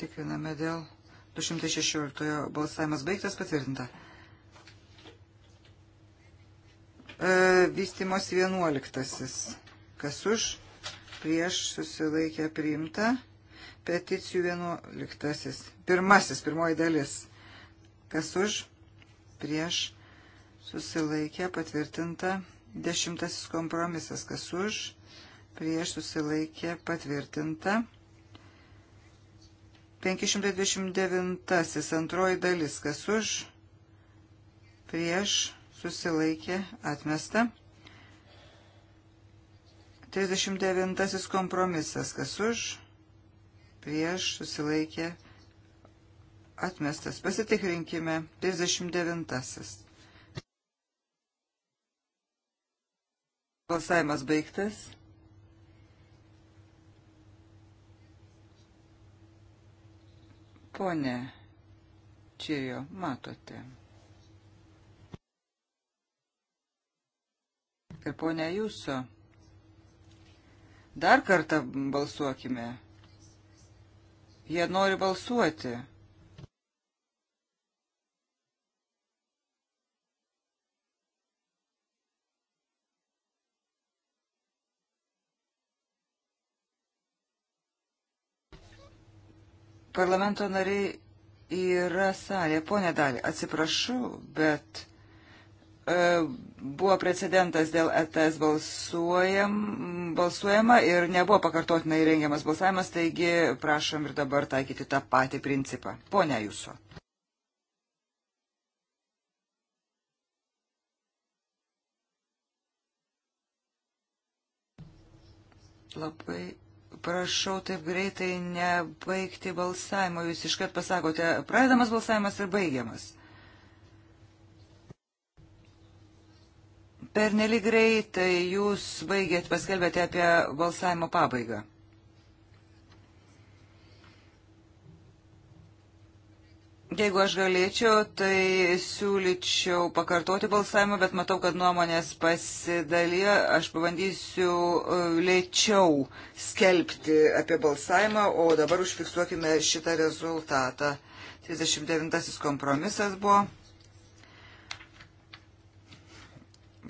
Tikriname dėl 216 balsavimas baigtas patvirtinta. E, vystimos 11. Kas už? Prieš susilaikę priimta. Peticijų 11. Pirmasis, pirmoji dalis. Kas už? Prieš susilaikę patvirtinta. Dešimtasis kompromisas. Kas už? Prieš susilaikę patvirtinta. 529. Antroji dalis. Kas už? Prieš susilaikė atmesta. 39 kompromisas, kas už, prieš susilaikė atmestas. Pasitikrinkime 39. Balsavimas baigtas. Pone Čijo, matote. ir ponia Jūso. Dar kartą balsuokime. Jie nori balsuoti. Parlamento nariai yra salė. Pone Dalį, atsiprašau, bet E, buvo precedentas dėl ETS balsuojam, balsuojama ir nebuvo pakartotinai rengiamas balsavimas, taigi prašom ir dabar taikyti tą patį principą. Pone jūsų. Labai prašau taip greitai nebaigti balsavimo. Jūs iškart pasakote, pradedamas balsavimas ir baigiamas. Per nelik greitai jūs baigėt paskelbėte apie balsavimo pabaigą. Jeigu aš galėčiau, tai siūlyčiau pakartoti balsavimą, bet matau, kad nuomonės pasidalė. Aš pabandysiu e, lėčiau skelbti apie balsavimą, o dabar užfiksuokime šitą rezultatą. 39 kompromisas buvo.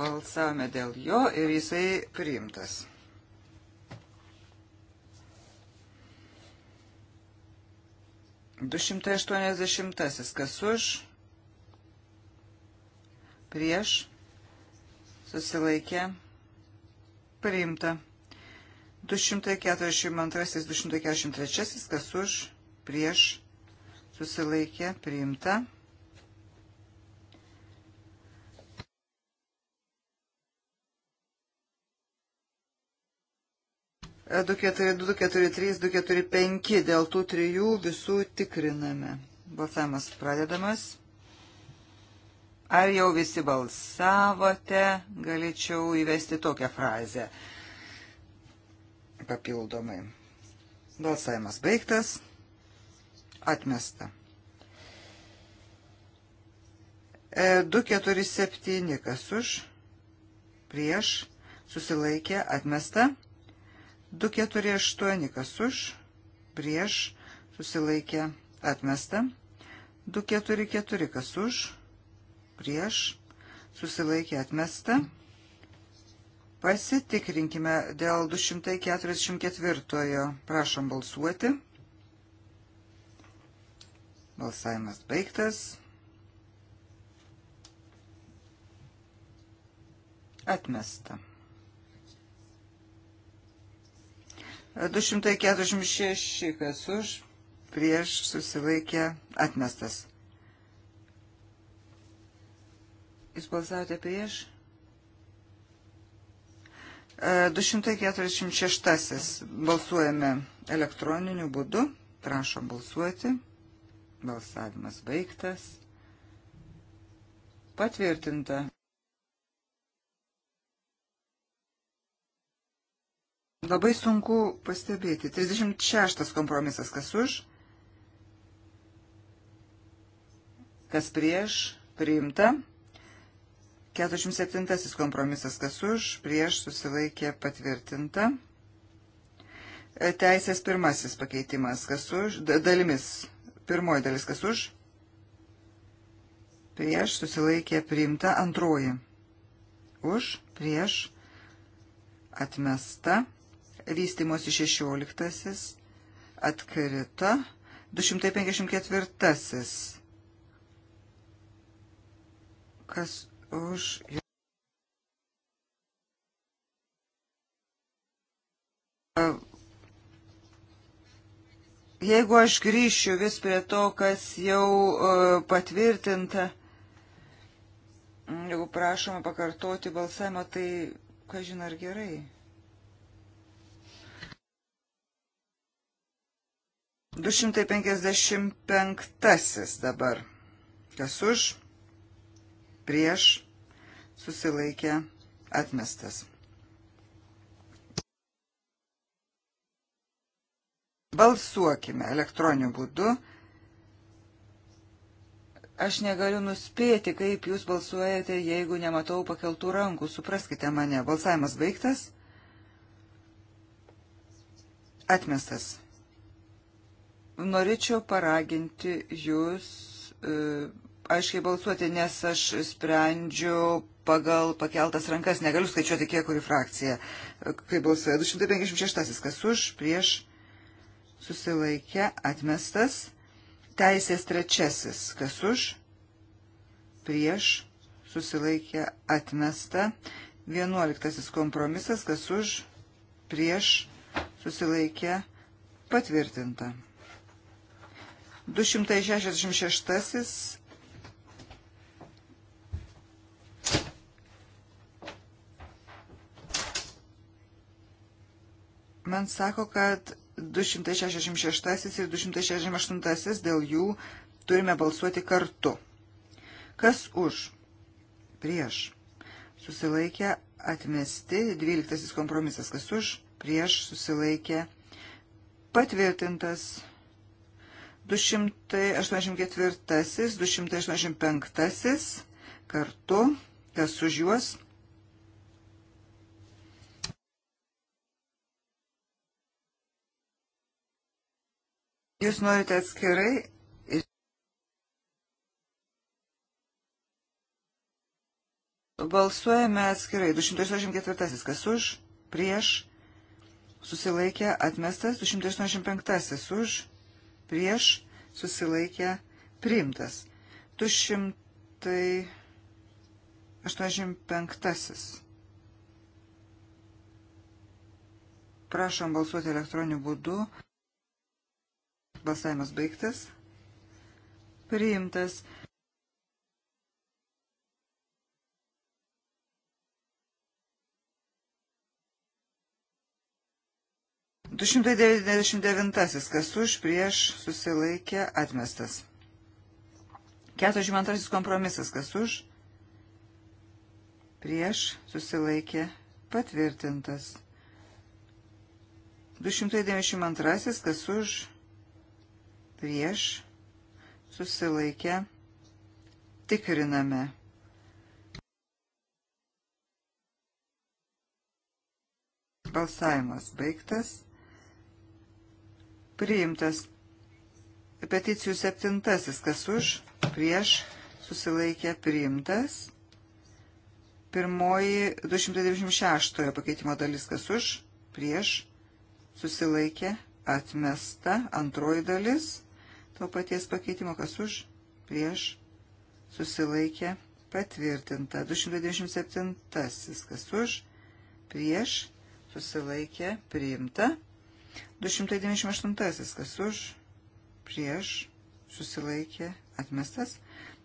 Balsavome dėl jo ir jisai priimtas. Du šimtai aštuoniasdešimtasis, kas už, prieš, susilaikė, priimta. 242-243, kas už, prieš, susilaikė, priimta. 242, 243, 245 dėl tų trijų visų tikriname. Balsavimas pradedamas. Ar jau visi balsavote, galėčiau įvesti tokią frazę papildomai. Balsavimas baigtas. Atmesta. 247 e, kas už, prieš, susilaikė, atmesta. 248. 248 kas už, prieš, susilaikė, atmesta. 244 kas už, prieš, susilaikė, atmesta. Pasitikrinkime dėl 244. Prašom balsuoti. Balsavimas baigtas. Atmesta. 246, kas už, prieš susilaikė atmestas. Jūs balsavote prieš? 246. E, Balsuojame elektroniniu būdu. Prašom balsuoti. Balsavimas baigtas. Patvirtinta. Labai sunku pastebėti. 36 kompromisas kas už, kas prieš, priimta. 47 kompromisas kas už, prieš susilaikė patvirtinta. E, teisės pirmasis pakeitimas kas už, dalimis, pirmoji dalis kas už, prieš susilaikė priimta, antroji už, prieš atmesta vystimosi 16 atkrito, 254 kas už Jeigu aš grįšiu vis prie to, kas jau patvirtinta, jeigu prašoma pakartoti balsavimą, tai, ką žinai, ar gerai. 255 dabar. Kas už, prieš, susilaikė, atmestas. Balsuokime elektroniniu būdu. Aš negaliu nuspėti, kaip jūs balsuojate, jeigu nematau pakeltų rankų. Supraskite mane. Balsavimas baigtas. Atmestas. Norėčiau paraginti jūs e, aiškiai balsuoti, nes aš sprendžiu pagal pakeltas rankas, negaliu skaičiuoti, kiek kuri frakcija, e, kai balsuoja. 256, kas už, prieš, susilaikė, atmestas. Teisės trečiasis, kas už, prieš, susilaikė, atmesta. Vienuoliktasis kompromisas, kas už, prieš, susilaikė, patvirtinta. 266 man sako, kad 266 ir 268 dėl jų turime balsuoti kartu. Kas už? Prieš. Susilaikė atmesti. 12 kompromisas. Kas už? Prieš. Susilaikė patvirtintas. 284, 285 kartu, kas už juos. Jūs norite atskirai Balsuojame atskirai. 284. Kas už? Prieš. Susilaikė atmestas. 285. Už prieš susilaikę priimtas. 285. Prašom balsuoti elektroniniu būdu. Balsavimas baigtas. Priimtas. 299. Kas už prieš susilaikė atmestas. 42. Kompromisas. Kas už prieš susilaikė patvirtintas. 292. Kas už prieš susilaikė tikriname. Balsavimas baigtas priimtas. Peticijų septintasis, kas už, prieš, susilaikė, priimtas. Pirmoji 296 pakeitimo dalis, kas už, prieš, susilaikė, atmesta. Antroji dalis, to paties pakeitimo, kas už, prieš, susilaikė, patvirtinta. 297 kas už, prieš, susilaikė, priimta. 298 kas už, prieš, susilaikė, atmestas.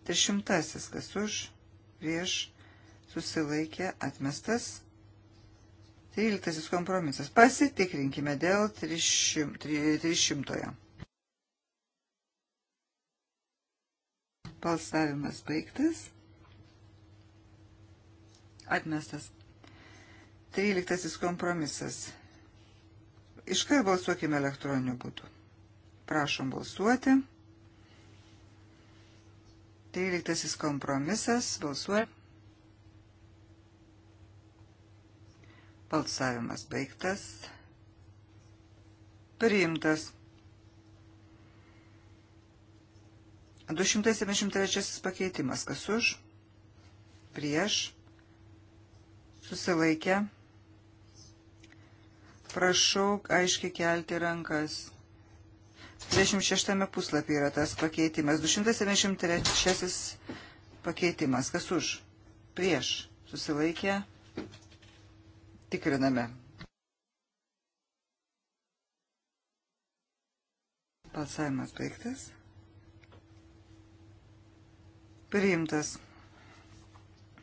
300 kas už, prieš, susilaikė, atmestas. 13 kompromisas. Pasitikrinkime dėl 300. 300. Balsavimas baigtas. Atmestas. 13 kompromisas. Iškart balsuokime elektroniniu būdu. Prašom balsuoti. 13 kompromisas. Balsuoja. Balsavimas baigtas. Priimtas. 273 pakeitimas. Kas už? Prieš. Susilaikę. Prašau aiškiai kelti rankas. 26 puslapį yra tas pakeitimas. 273 pakeitimas. Kas už? Prieš. Susilaikė. Tikriname. Balsavimas baigtas. Priimtas.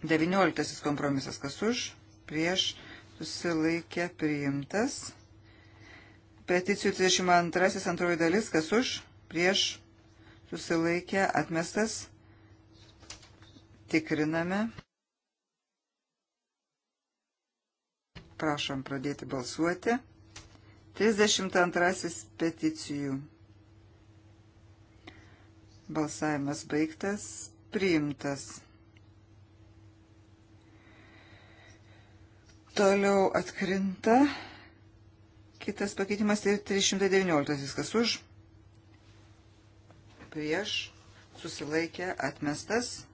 19 kompromisas. Kas už? Prieš susilaikė priimtas. Peticijų 32 antroji dalis, kas už, prieš, susilaikė atmestas. Tikriname. Prašom pradėti balsuoti. 32 peticijų. Balsavimas baigtas, priimtas. Toliau atkrinta. Kitas pakeitimas tai 319. Kas už? Prieš. Susilaikė. Atmestas.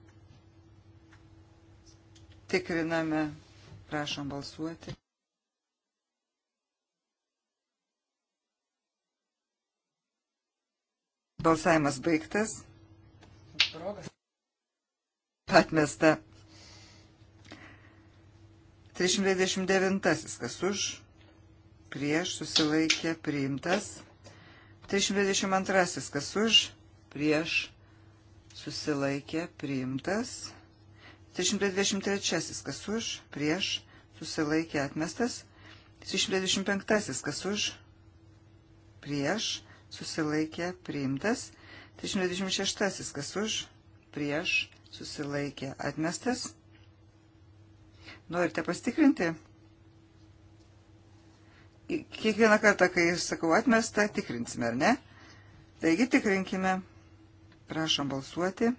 Tikriname. Prašom balsuoti. Balsavimas baigtas. Atmesta. 329 kas už, prieš susilaikė priimtas. 322 kas už, prieš susilaikė priimtas. 323 kas už, prieš susilaikė atmestas. 325 kas už, prieš susilaikė priimtas. 326 kas už, prieš susilaikė atmestas. Norite pastikrinti? Kiekvieną kartą, kai sakau atmestą, tikrinsime, ar ne? Taigi tikrinkime. Prašom balsuoti.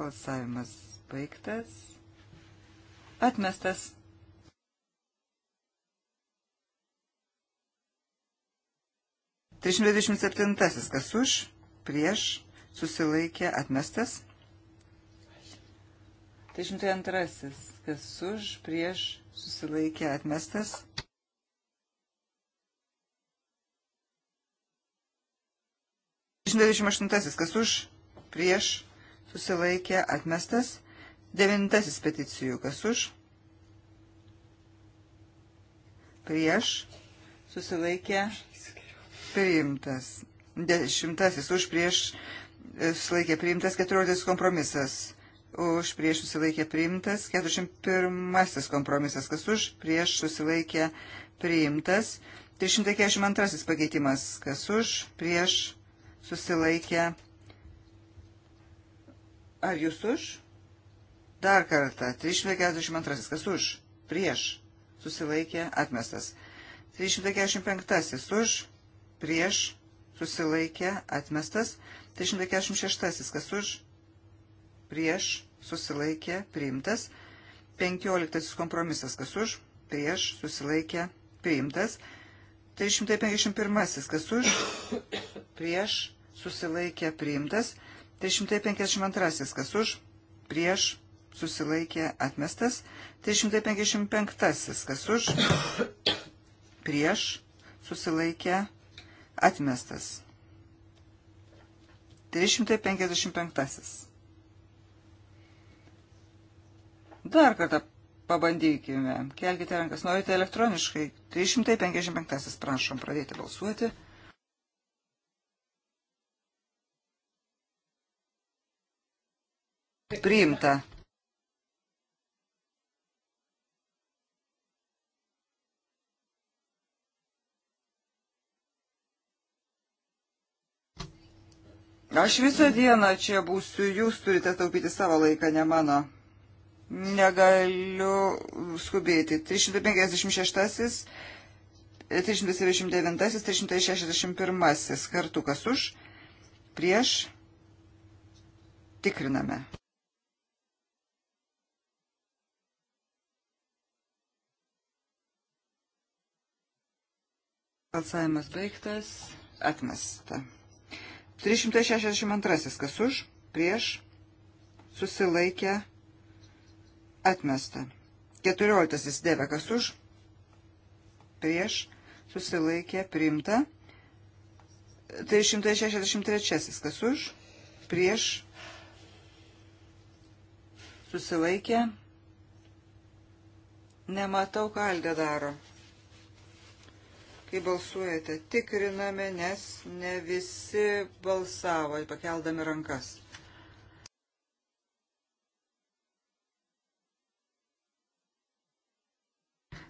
Balsavimas baigtas. Atmestas. Trišimtai dvidešimt septintasis, kas už, prieš, susilaikė, atmestas. Trišimtai antrasis kas už, prieš, susilaikė atmestas. Žinai, 28. Kas už, prieš, susilaikė atmestas. 9. Peticijų. Kas už, prieš, susilaikė priimtas. 10. Už, prieš, susilaikė priimtas. 14. Kompromisas už prieš susilaikė priimtas, 41 kompromisas, kas už prieš susilaikė priimtas, 342 pakeitimas, kas už prieš susilaikė. Ar jūs už? Dar kartą, 342, kas už prieš susilaikė atmestas, 345 už prieš susilaikė atmestas, 346 kas už prieš susilaikė, priimtas. 15 kompromisas, kas už, prieš, susilaikė, priimtas. 351, kas už, prieš, susilaikė, priimtas. 352, kas už, prieš, susilaikė, atmestas. 355, kas už, prieš, susilaikė, atmestas. 355. Dar kartą pabandykime. Kelkite rankas. Norite elektroniškai. 355. Prašom pradėti balsuoti. Priimta. Aš visą dieną čia būsiu, jūs turite taupyti savo laiką, ne mano negaliu skubėti. 356, 379, 361 kartu kas už, prieš, tikriname. Balsavimas baigtas, atmesta. 362 kas už, prieš, susilaikę, atmesta atmesta. 14 dėvė kas už, prieš, susilaikė, priimta. 363 kas už, prieš, susilaikė. Nematau, ką Algė daro. Kai balsuojate, tikriname, nes ne visi balsavo, pakeldami rankas.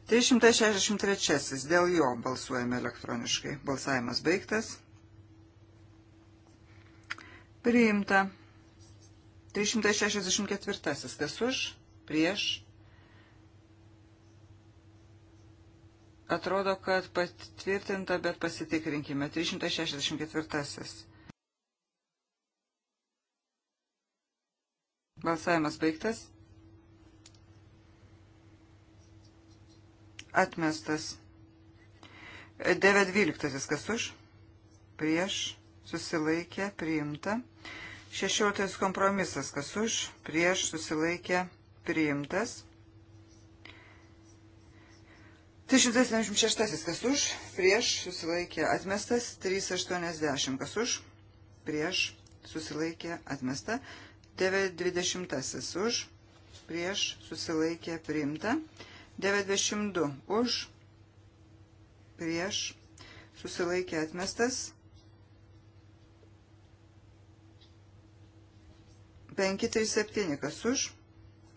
363. Dėl jo balsuojame elektroniškai. Balsavimas baigtas. Priimta. 364. Kas už? Prieš. Atrodo, kad patvirtinta, bet pasitikrinkime. 364. Balsavimas baigtas. atmestas. 9.12. Kas už? Prieš susilaikė priimta. 16. Kompromisas. Kas už? Prieš susilaikė priimtas. 376. Kas už? Prieš susilaikė atmestas. 380. Kas už? Prieš susilaikė atmesta. 9.20. Už? Prieš susilaikė priimta. 381 92 už, prieš, susilaikė atmestas. 537 kas už,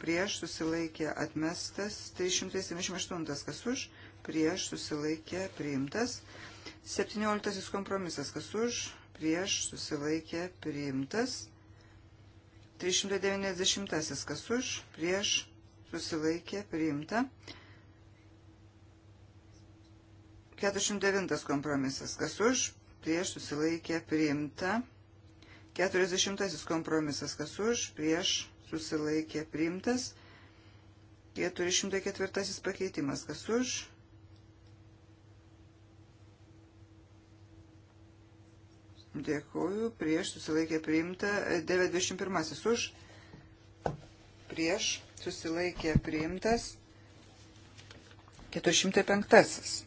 prieš susilaikė atmestas, 378 kas už, prieš susilaikė priimtas, 17 kompromisas kas už, prieš susilaikė priimtas, 390 kas už, prieš susilaikė, priimta. 49 kompromisas, kas už, prieš susilaikė, priimta. 40 kompromisas, kas už, prieš susilaikė, priimtas. 404 pakeitimas, kas už, Dėkuoju. Prieš susilaikė priimta 91 už. Prieš susilaikė priimtas 405.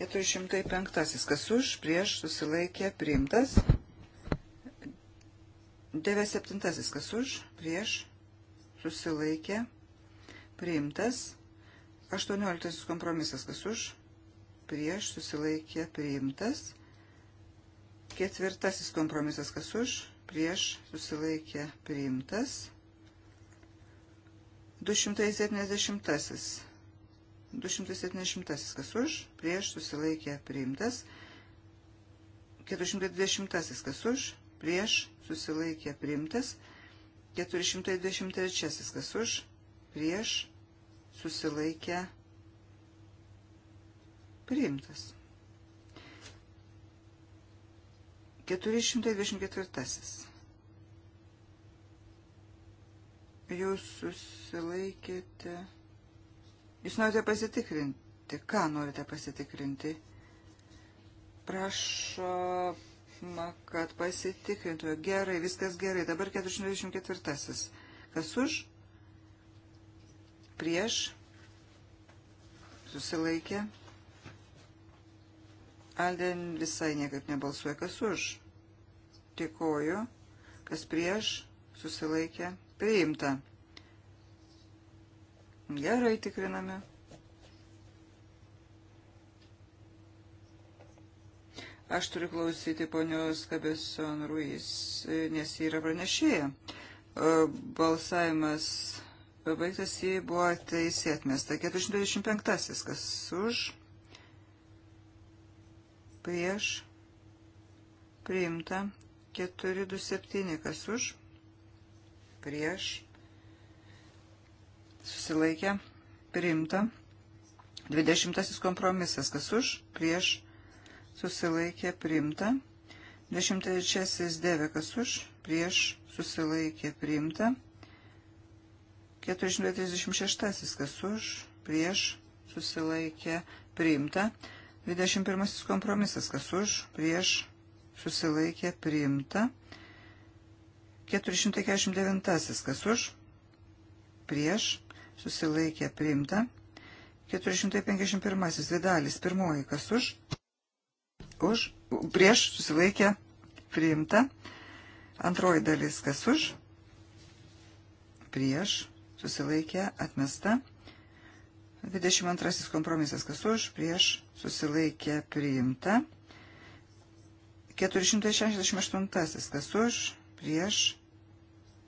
405. Kas už, prieš, susilaikė, priimtas. 97. Kas už, prieš, susilaikė, priimtas. 18. Kompromisas. Kas už, prieš, susilaikė, priimtas. Ketvirtasis kompromisas. Kas už, prieš, susilaikė, priimtas. 270. 270. Kas už? Prieš susilaikė priimtas. 420. Kas už? Prieš susilaikė priimtas. 423. Kas už? Prieš susilaikė priimtas. 424. Jūs susilaikėte. Jūs norite pasitikrinti. Ką norite pasitikrinti? Prašoma, kad pasitikrintų. Gerai, viskas gerai. Dabar 424. Kas už? Prieš? Susilaikė. Alden visai niekaip nebalsuoja. Kas už? Tikoju. Kas prieš? Susilaikė. Priimta. Gerai tikriname. Aš turiu klausyti ponios Kabeson Ruiz, nes jį yra pranešėja. Balsavimas baigtas jį buvo teisėtmesta. 425. Kas už? Prieš? Priimta. 427. Kas už? prieš, susilaikė, priimta. Dvidešimtasis kompromisas, kas už, prieš, susilaikė, priimta. Dešimtasis devė, kas už, prieš, susilaikė, priimta. 436, kas už, prieš, susilaikė, priimta. 21 kompromisas, kas už, prieš, susilaikė, priimta. 449. Kas už? Prieš. Susilaikė priimta. 451. Dvi dalis. Pirmoji. Kas už? Už. Prieš. Susilaikė priimta. Antroji dalis. Kas už? Prieš. Susilaikė atmesta. 22 kompromisas, kas už, prieš, susilaikė, priimta. 468, kas už, prieš,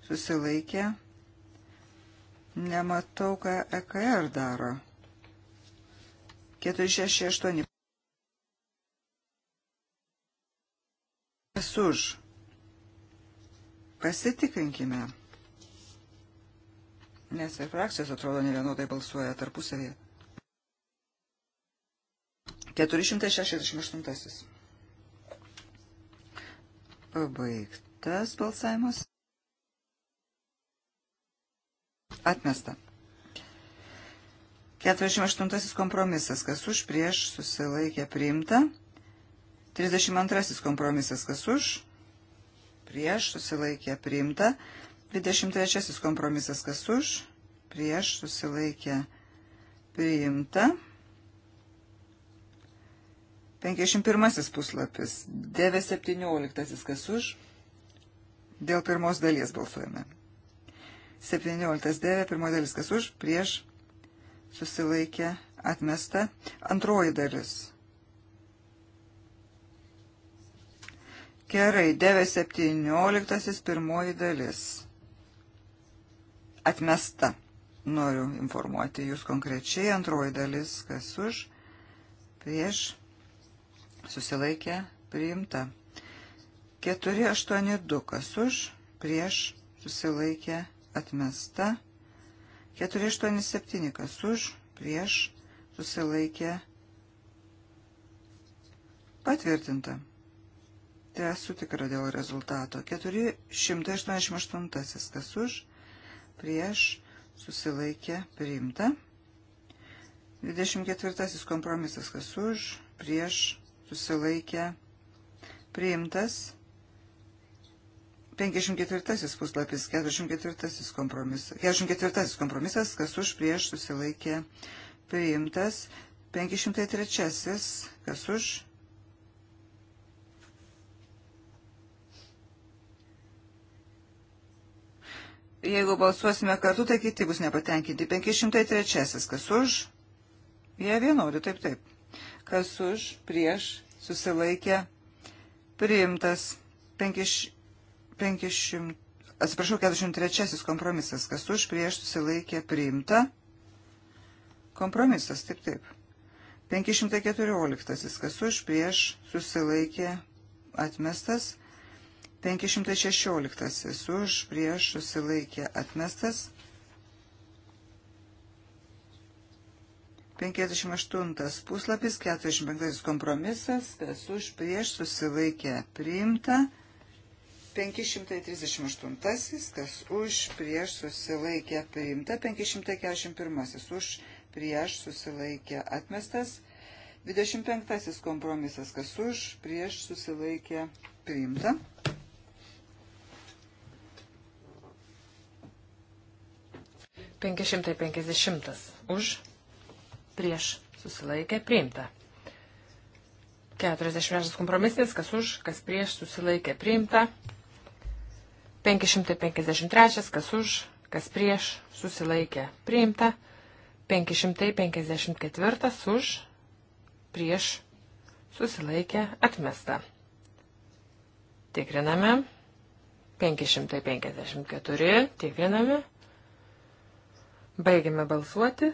susilaikė. Nematau, ką EKR daro. 468. Kas už? Pasitikrinkime. Nes ir frakcijos atrodo ne vienodai balsuoja tarpusavėje. 468. Baigti tas balsavimas. Atmesta. 48 kompromisas, kas už, prieš, susilaikė, priimta. 32 kompromisas, kas už, prieš, susilaikė, priimta. 23 kompromisas, kas už, prieš, susilaikė, priimta. 51 puslapis, 917 kas už, Dėl pirmos dalies balsuojame. 17 dėvė, pirmoji dalis kas už, prieš, susilaikė, atmesta. Antroji dalis. Gerai, 9.17. pirmoji dalis. Atmesta. Noriu informuoti jūs konkrečiai. Antroji dalis, kas už, prieš, susilaikė, priimta. 482 kas už, prieš susilaikė atmesta. 487 kas už, prieš susilaikė patvirtinta. Tai esu tikra dėl rezultato. 488 kas už, prieš susilaikė priimta. 24 kompromisas kas už, prieš susilaikė priimtas. 54 puslapis, 44 kompromisas, 44 kompromisas, kas už prieš susilaikė priimtas, 503, kas už. Jeigu balsuosime kartu, tai kiti bus nepatenkinti. 503, kas už. Jie ja, vienodi, taip, taip. Kas už, prieš, susilaikė, priimtas. 5, 500, atsiprašau, 43 kompromisas, kas už prieš susilaikė priimta. Kompromisas, taip, taip. 514, kas už prieš susilaikė atmestas. 516, už prieš susilaikė atmestas. 58 puslapis, 45 kompromisas, kas už prieš susilaikė priimta. 538, kas už prieš susilaikė priimta, 541, už prieš susilaikė atmestas, 25 kompromisas, kas už prieš susilaikė priimta. Penkišimtai penkisdešimtas už prieš susilaikė priimta. 46 kompromisinis, kas už, kas prieš susilaikė priimta. 553, kas už, kas prieš, susilaikė, priimta. 554 už, prieš, susilaikė, atmesta. Tikriname. 554, tikriname. Baigiame balsuoti.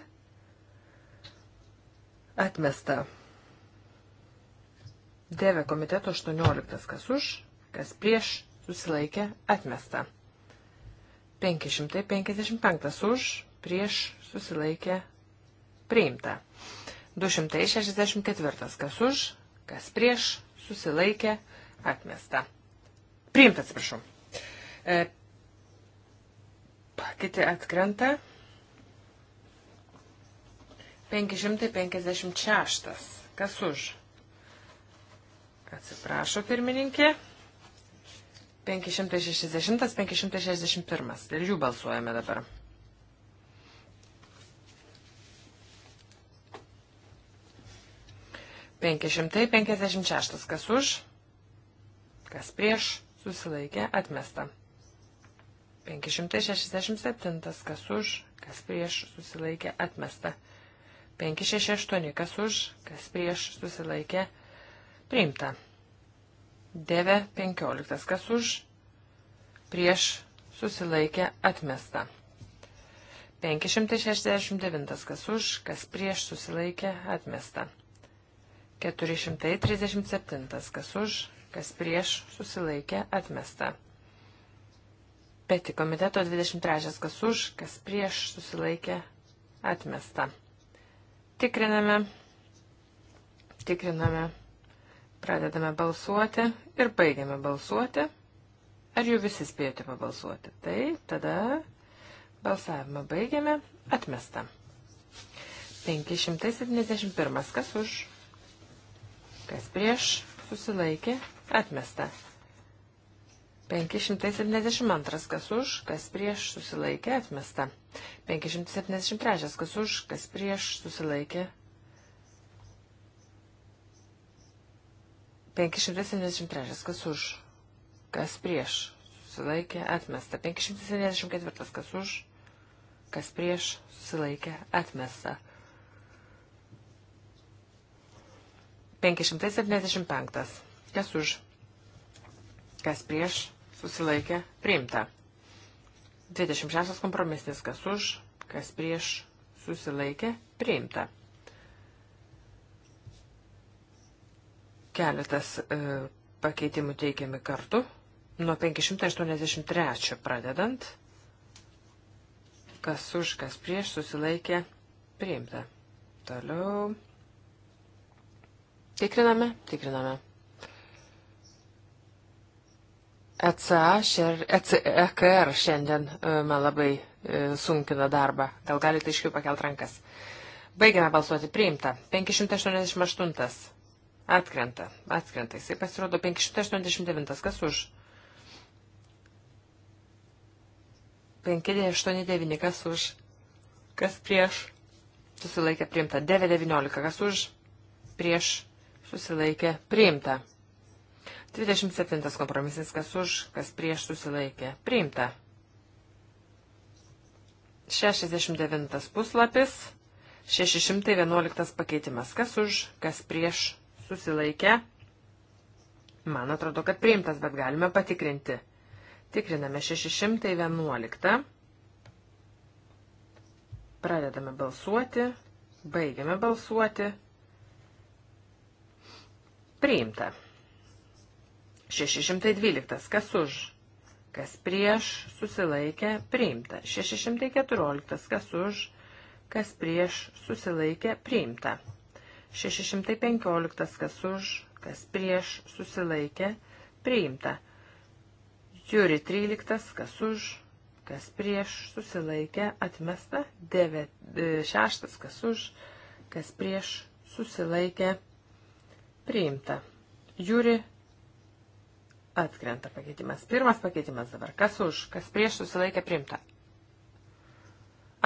Atmesta. Dėvė komiteto 18, kas už, kas prieš, susilaikė atmesta. 555 už, prieš susilaikė priimta. 264 kas už, kas prieš susilaikė atmesta. Priimta, atsiprašau. E, kiti atkrenta. 556. Kas už? Atsiprašo pirmininkė. 560-561. Dėl jų balsuojame dabar. Penki šimtai penkiasdešimt šeštas. Kas už? Kas prieš? Susilaikė. Atmesta. Penki šimtai šešiasdešimt septintas. Kas už? Kas prieš? Susilaikė. Atmesta. Penki šeši aštuoni. Kas už? Kas prieš? Susilaikė. Priimta. Deve 15. Kas už? Prieš susilaikė atmesta. 569. Kas už? Kas prieš susilaikė atmesta. 437. Kas už? Kas prieš susilaikė atmesta. Peti komiteto 23. Kas už? Kas prieš susilaikė atmesta. Tikriname. Tikriname. Pradedame balsuoti ir baigiame balsuoti. Ar jau visi spėjote pabalsuoti? Taip, tada balsavimą baigiame. Atmesta. 571. Kas už? Kas prieš? Susilaikė. Atmesta. 572. Kas už? Kas prieš? Susilaikė. Atmesta. 573. Kas už? Kas prieš? Susilaikė. 573. Kas už? Kas prieš? Susilaikė atmesta. 574. Kas už? Kas prieš? Susilaikė atmesta. 575. Kas už? Kas prieš? Susilaikė priimta. 26. Kompromisnis. Kas už? Kas prieš? Susilaikė priimta. Keletas e, pakeitimų teikiami kartu. Nuo 583 pradedant. Kas už, kas prieš susilaikė priimta. Toliau. Tikriname, tikriname. ECA, ECR e e šiandien man labai sunkina darbą. Gal galite aiškiau pakelt rankas. Baigiame balsuoti priimta. 588. Atkrenta, atkrenta. Jisai pasirodo 589. Kas už? 589. Kas už? Kas prieš? Susilaikė priimta. 919. Kas už? Prieš? Susilaikė priimta. 27. Kompromisinis. Kas už? Kas prieš? Susilaikė priimta. 69. Puslapis. 611 pakeitimas. Kas už? Kas prieš? susilaikę. Man atrodo, kad priimtas, bet galime patikrinti. Tikriname 611. Pradedame balsuoti. Baigiame balsuoti. Priimta. 612. Kas už? Kas prieš? Susilaikė. Priimta. 614. Kas už? Kas prieš? Susilaikė. Priimta. 615 kas už, kas prieš, susilaikė, priimta. Jūri 13 kas už, kas prieš, susilaikė, atmesta. 6 e, kas už, kas prieš, susilaikė, priimta. Jūri atkrenta pakeitimas. Pirmas pakeitimas dabar. Kas už, kas prieš, susilaikė, priimta.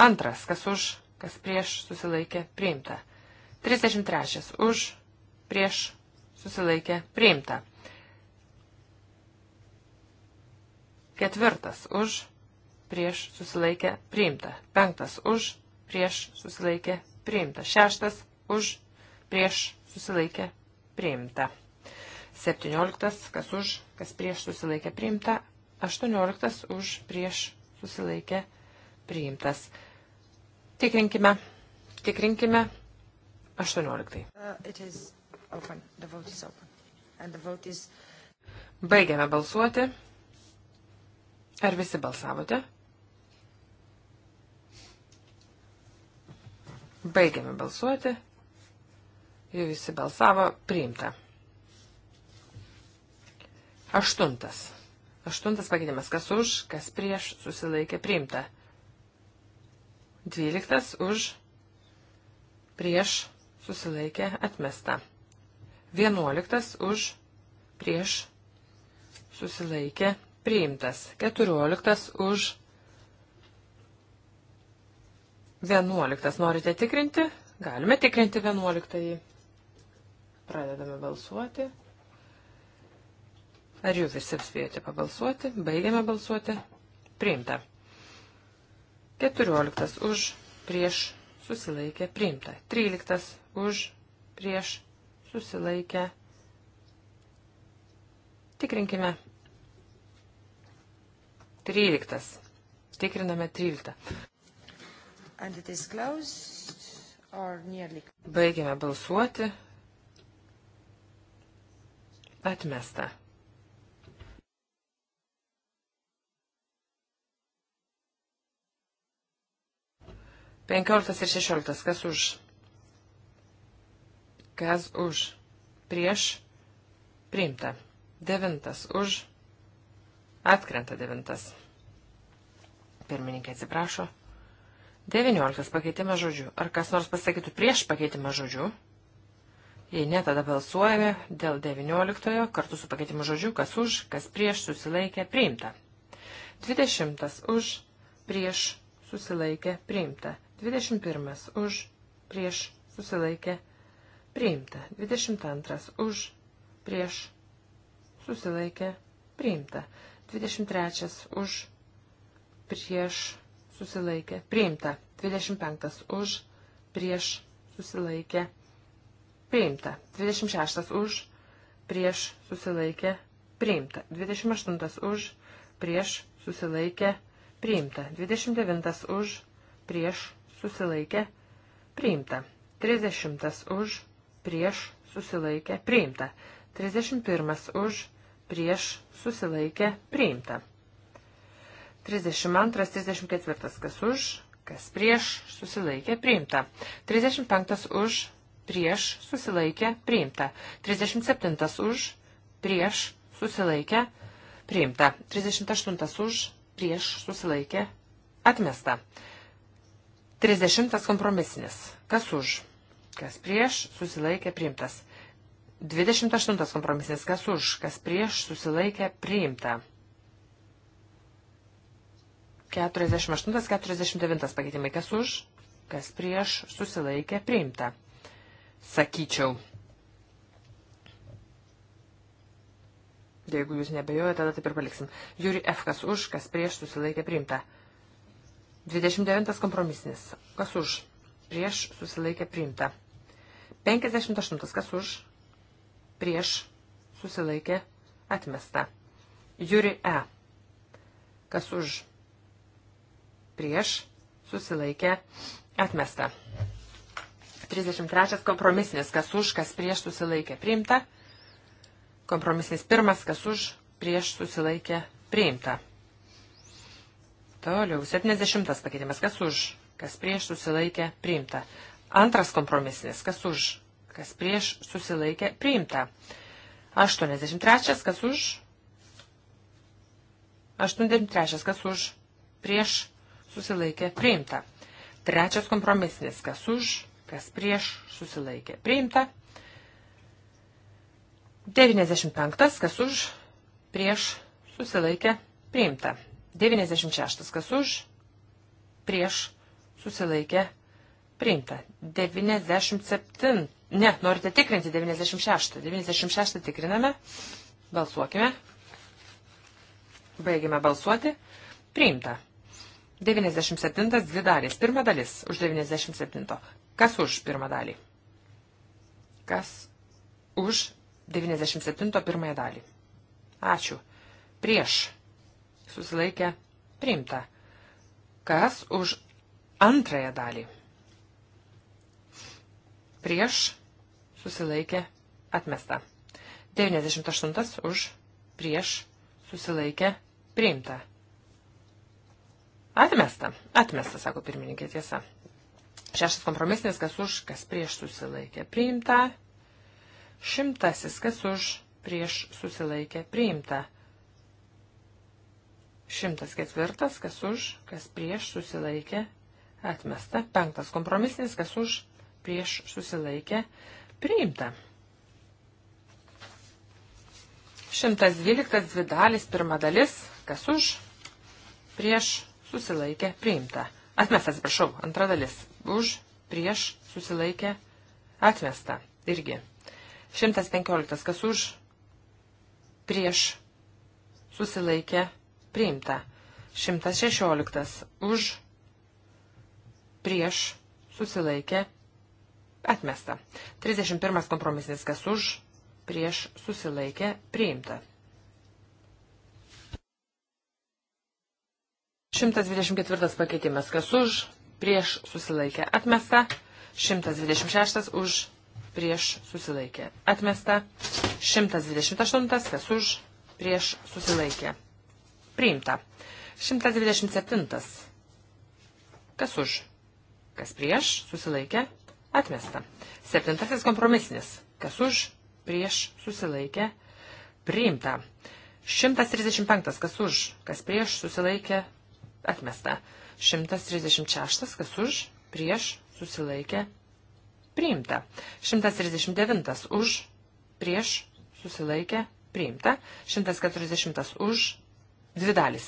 Antras, kas už, kas prieš, susilaikė, priimta. 33 už, prieš, susilaikė, priimta. Ketvirtas už, prieš, susilaikė, priimta. Penktas už, prieš, susilaikė, priimta. Šeštas už, prieš, susilaikė, priimta. 17, kas už, kas prieš susilaikė priimta, 18 už prieš susilaikė priimtas. Tikrinkime, tikrinkime, 18. Uh, is... Baigiame balsuoti. Ar visi balsavote? Baigiame balsuoti. Jau visi balsavo priimta. Aštuntas. Aštuntas pakeitimas. Kas už, kas prieš susilaikė priimta. Dvyliktas už, prieš susilaikė atmesta. 11 už prieš susilaikė priimtas. 14 už 11. Norite tikrinti? Galime tikrinti 11. Pradedame balsuoti. Ar jau visi spėjote pabalsuoti? Baigiame balsuoti. Priimta. 14 už prieš susilaikė priimta. 13 už, prieš, susilaikė. Tikrinkime. 13. Tikriname 13. Nearly... Baigiame balsuoti. Atmesta. 15 ir 16. Kas už? Kas už? Prieš? Priimta. 9. Už? Atkrenta 9. Pirmininkė atsiprašo. 19. Pakeitimas žodžių. Ar kas nors pasakytų prieš pakeitimą žodžių? Jei ne, tada balsuojame dėl 19 kartu su pakeitimu žodžiu, kas už, kas prieš susilaikė priimta. 20 už, prieš susilaikė priimta. 21 už, prieš, susilaikė, priimta. 22 už, prieš, susilaikė, priimta. 23 už, prieš, susilaikė, priimta. 25 už, prieš, susilaikė, priimta. 26 už, prieš, susilaikė, priimta. 28 už, prieš, susilaikė, priimta. 29 už, prieš, susilaikė, priimta. 30 už, prieš, susilaikė, priimta. 31 už, prieš, susilaikė, priimta. 32, 34, kas už, kas prieš, susilaikė, priimta. 35 už, prieš, susilaikė, priimta. 37 už, prieš, susilaikė, priimta. 38 už, prieš, susilaikė, atmesta. 30 kompromisinis. Kas už? Kas prieš? Susilaikė priimtas. 28 kompromisinis. Kas už? Kas prieš? Susilaikė priimta. 48-49 pakeitimai. Kas už? Kas prieš? Susilaikė priimta. Sakyčiau. Jeigu jūs nebejojate, tada taip ir paliksim. Jūri F. Kas už? Kas prieš? Susilaikė priimta. 48-49. 29 kompromisinis. Kas už? Prieš susilaikė priimta. 58. Kas už? Prieš susilaikė atmesta. Juri E. Kas už? Prieš susilaikė atmesta. 33 kompromisinis, kas už, kas prieš susilaikė priimta. Kompromisinis pirmas, kas už, prieš susilaikė priimta. Toliau, 70 pakeitimas, kas už, kas prieš susilaikė, priimta. Antras kompromisinis, kas už, kas prieš susilaikė, priimta. 83, kas už, 83, kas už, prieš susilaikė, priimta. Trečias kompromisinis, kas už, kas prieš susilaikė, priimta. 95, kas už, prieš susilaikė, priimta. 96. Kas už? Prieš susilaikė priimta. 97. Ne, norite tikrinti 96. 96 tikriname. Balsuokime. Baigime balsuoti. Priimta. 97 dvi dalys. Pirma dalis už 97. Kas už pirmą dalį? Kas už 97 pirmąją dalį? Ačiū. Prieš susilaikė priimta. Kas už antrąją dalį? Prieš susilaikė atmesta. 98 už prieš susilaikė priimta. Atmesta. Atmesta, sako pirmininkė tiesa. Šeštas kompromisinis, kas už, kas prieš susilaikė priimta. Šimtasis, kas už, prieš susilaikė priimta. 104, kas už, kas prieš susilaikė, atmesta. 5 kompromisinis, kas už, prieš susilaikė, priimta. 112 dvi dalis, pirma dalis, kas už, prieš susilaikė, priimta. Atmesta, atsiprašau, antra dalis, už, prieš susilaikė, atmesta. Irgi. 115, kas už, prieš susilaikė, priimta priimta. 116 už, prieš, susilaikė, atmesta. 31 kompromisinis kas už, prieš, susilaikė, priimta. 124 pakeitimas kas už, prieš, susilaikė, atmesta. 126 už, prieš, susilaikė, atmesta. 128 kas už, prieš, susilaikė, Priimta. 127. Kas už? Kas prieš? Susilaikė. Atmesta. Septintasis kompromisinis. Kas už? Prieš? Susilaikė. Priimta. 135. Kas už? Kas prieš? Susilaikė. Atmesta. 136. Kas už? Prieš? Susilaikė. Priimta. 139. Už? Prieš? Susilaikė. Priimta. 140. Už? Dvi dalis.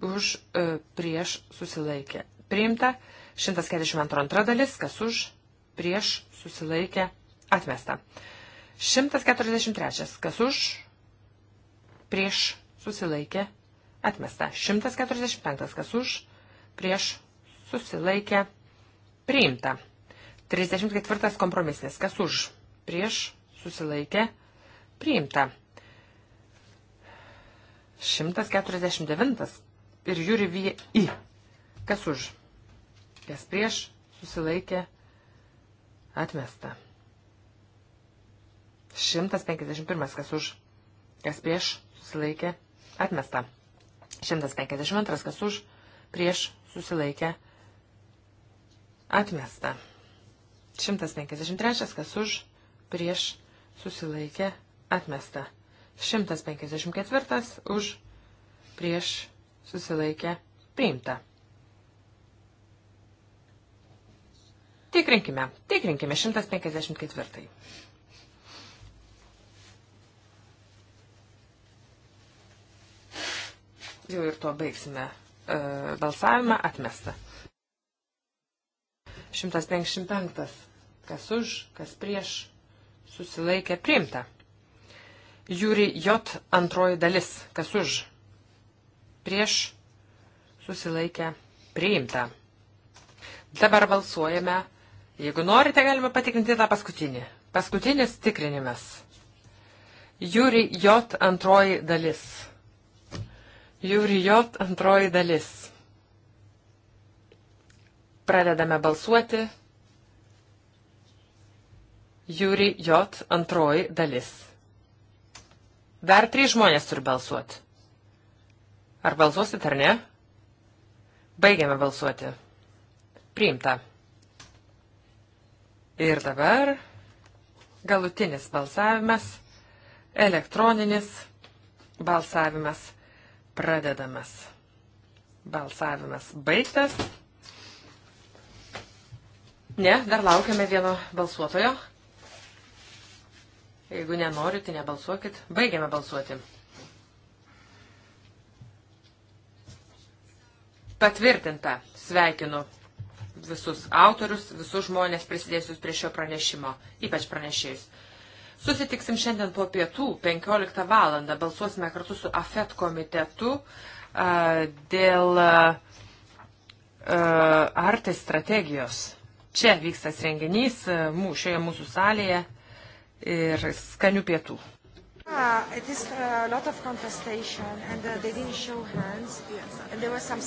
Už e, prieš susilaikė. Priimta. 142 dalis. Kas už prieš susilaikė. Atmesta. 143. Kas už prieš susilaikė. Atmesta. 145. Kas už prieš susilaikė. Priimta. 34 kompromisnis. Kas už? Prieš susilaikė. Priimta. 149 ir žiūri vie į. Kas už? Kas prieš susilaikė atmesta. 151 kas už. Kas prieš susilaikė atmesta. 152 kas už. Prieš susilaikė atmesta. 153 kas už. Prieš susilaikė atmesta. 154 už prieš susilaikę priimta. Tikrinkime, tikrinkime 154. Jau ir tuo baigsime e, balsavimą atmestą. 155. Kas už, kas prieš, susilaikė priimta. Jūri J antroji dalis. Kas už? Prieš susilaikę priimta. Dabar balsuojame. Jeigu norite, galime patikrinti tą paskutinį. Paskutinis tikrinimas. Jūri J antroji dalis. Jūri J antroji dalis. Pradedame balsuoti. Jūri J antroji dalis. Dar trys žmonės turi balsuoti. Ar balsuosit ar ne? Baigiame balsuoti. Priimta. Ir dabar galutinis balsavimas, elektroninis balsavimas pradedamas. Balsavimas baigtas. Ne, dar laukiame vieno balsuotojo. Jeigu nenorite, tai nebalsuokit. Baigiame balsuoti. Patvirtinta. Sveikinu visus autorius, visus žmonės prisidėsius prie šio pranešimo, ypač pranešėjus. Susitiksim šiandien po pietų, 15 val. Balsuosime kartu su AFET komitetu a, dėl a, artės strategijos. Čia vykstas renginys, mū, šioje mūsų salėje ir skanių pietų. Uh, it is a lot of contestation and uh, they didn't show hands yes. and there was some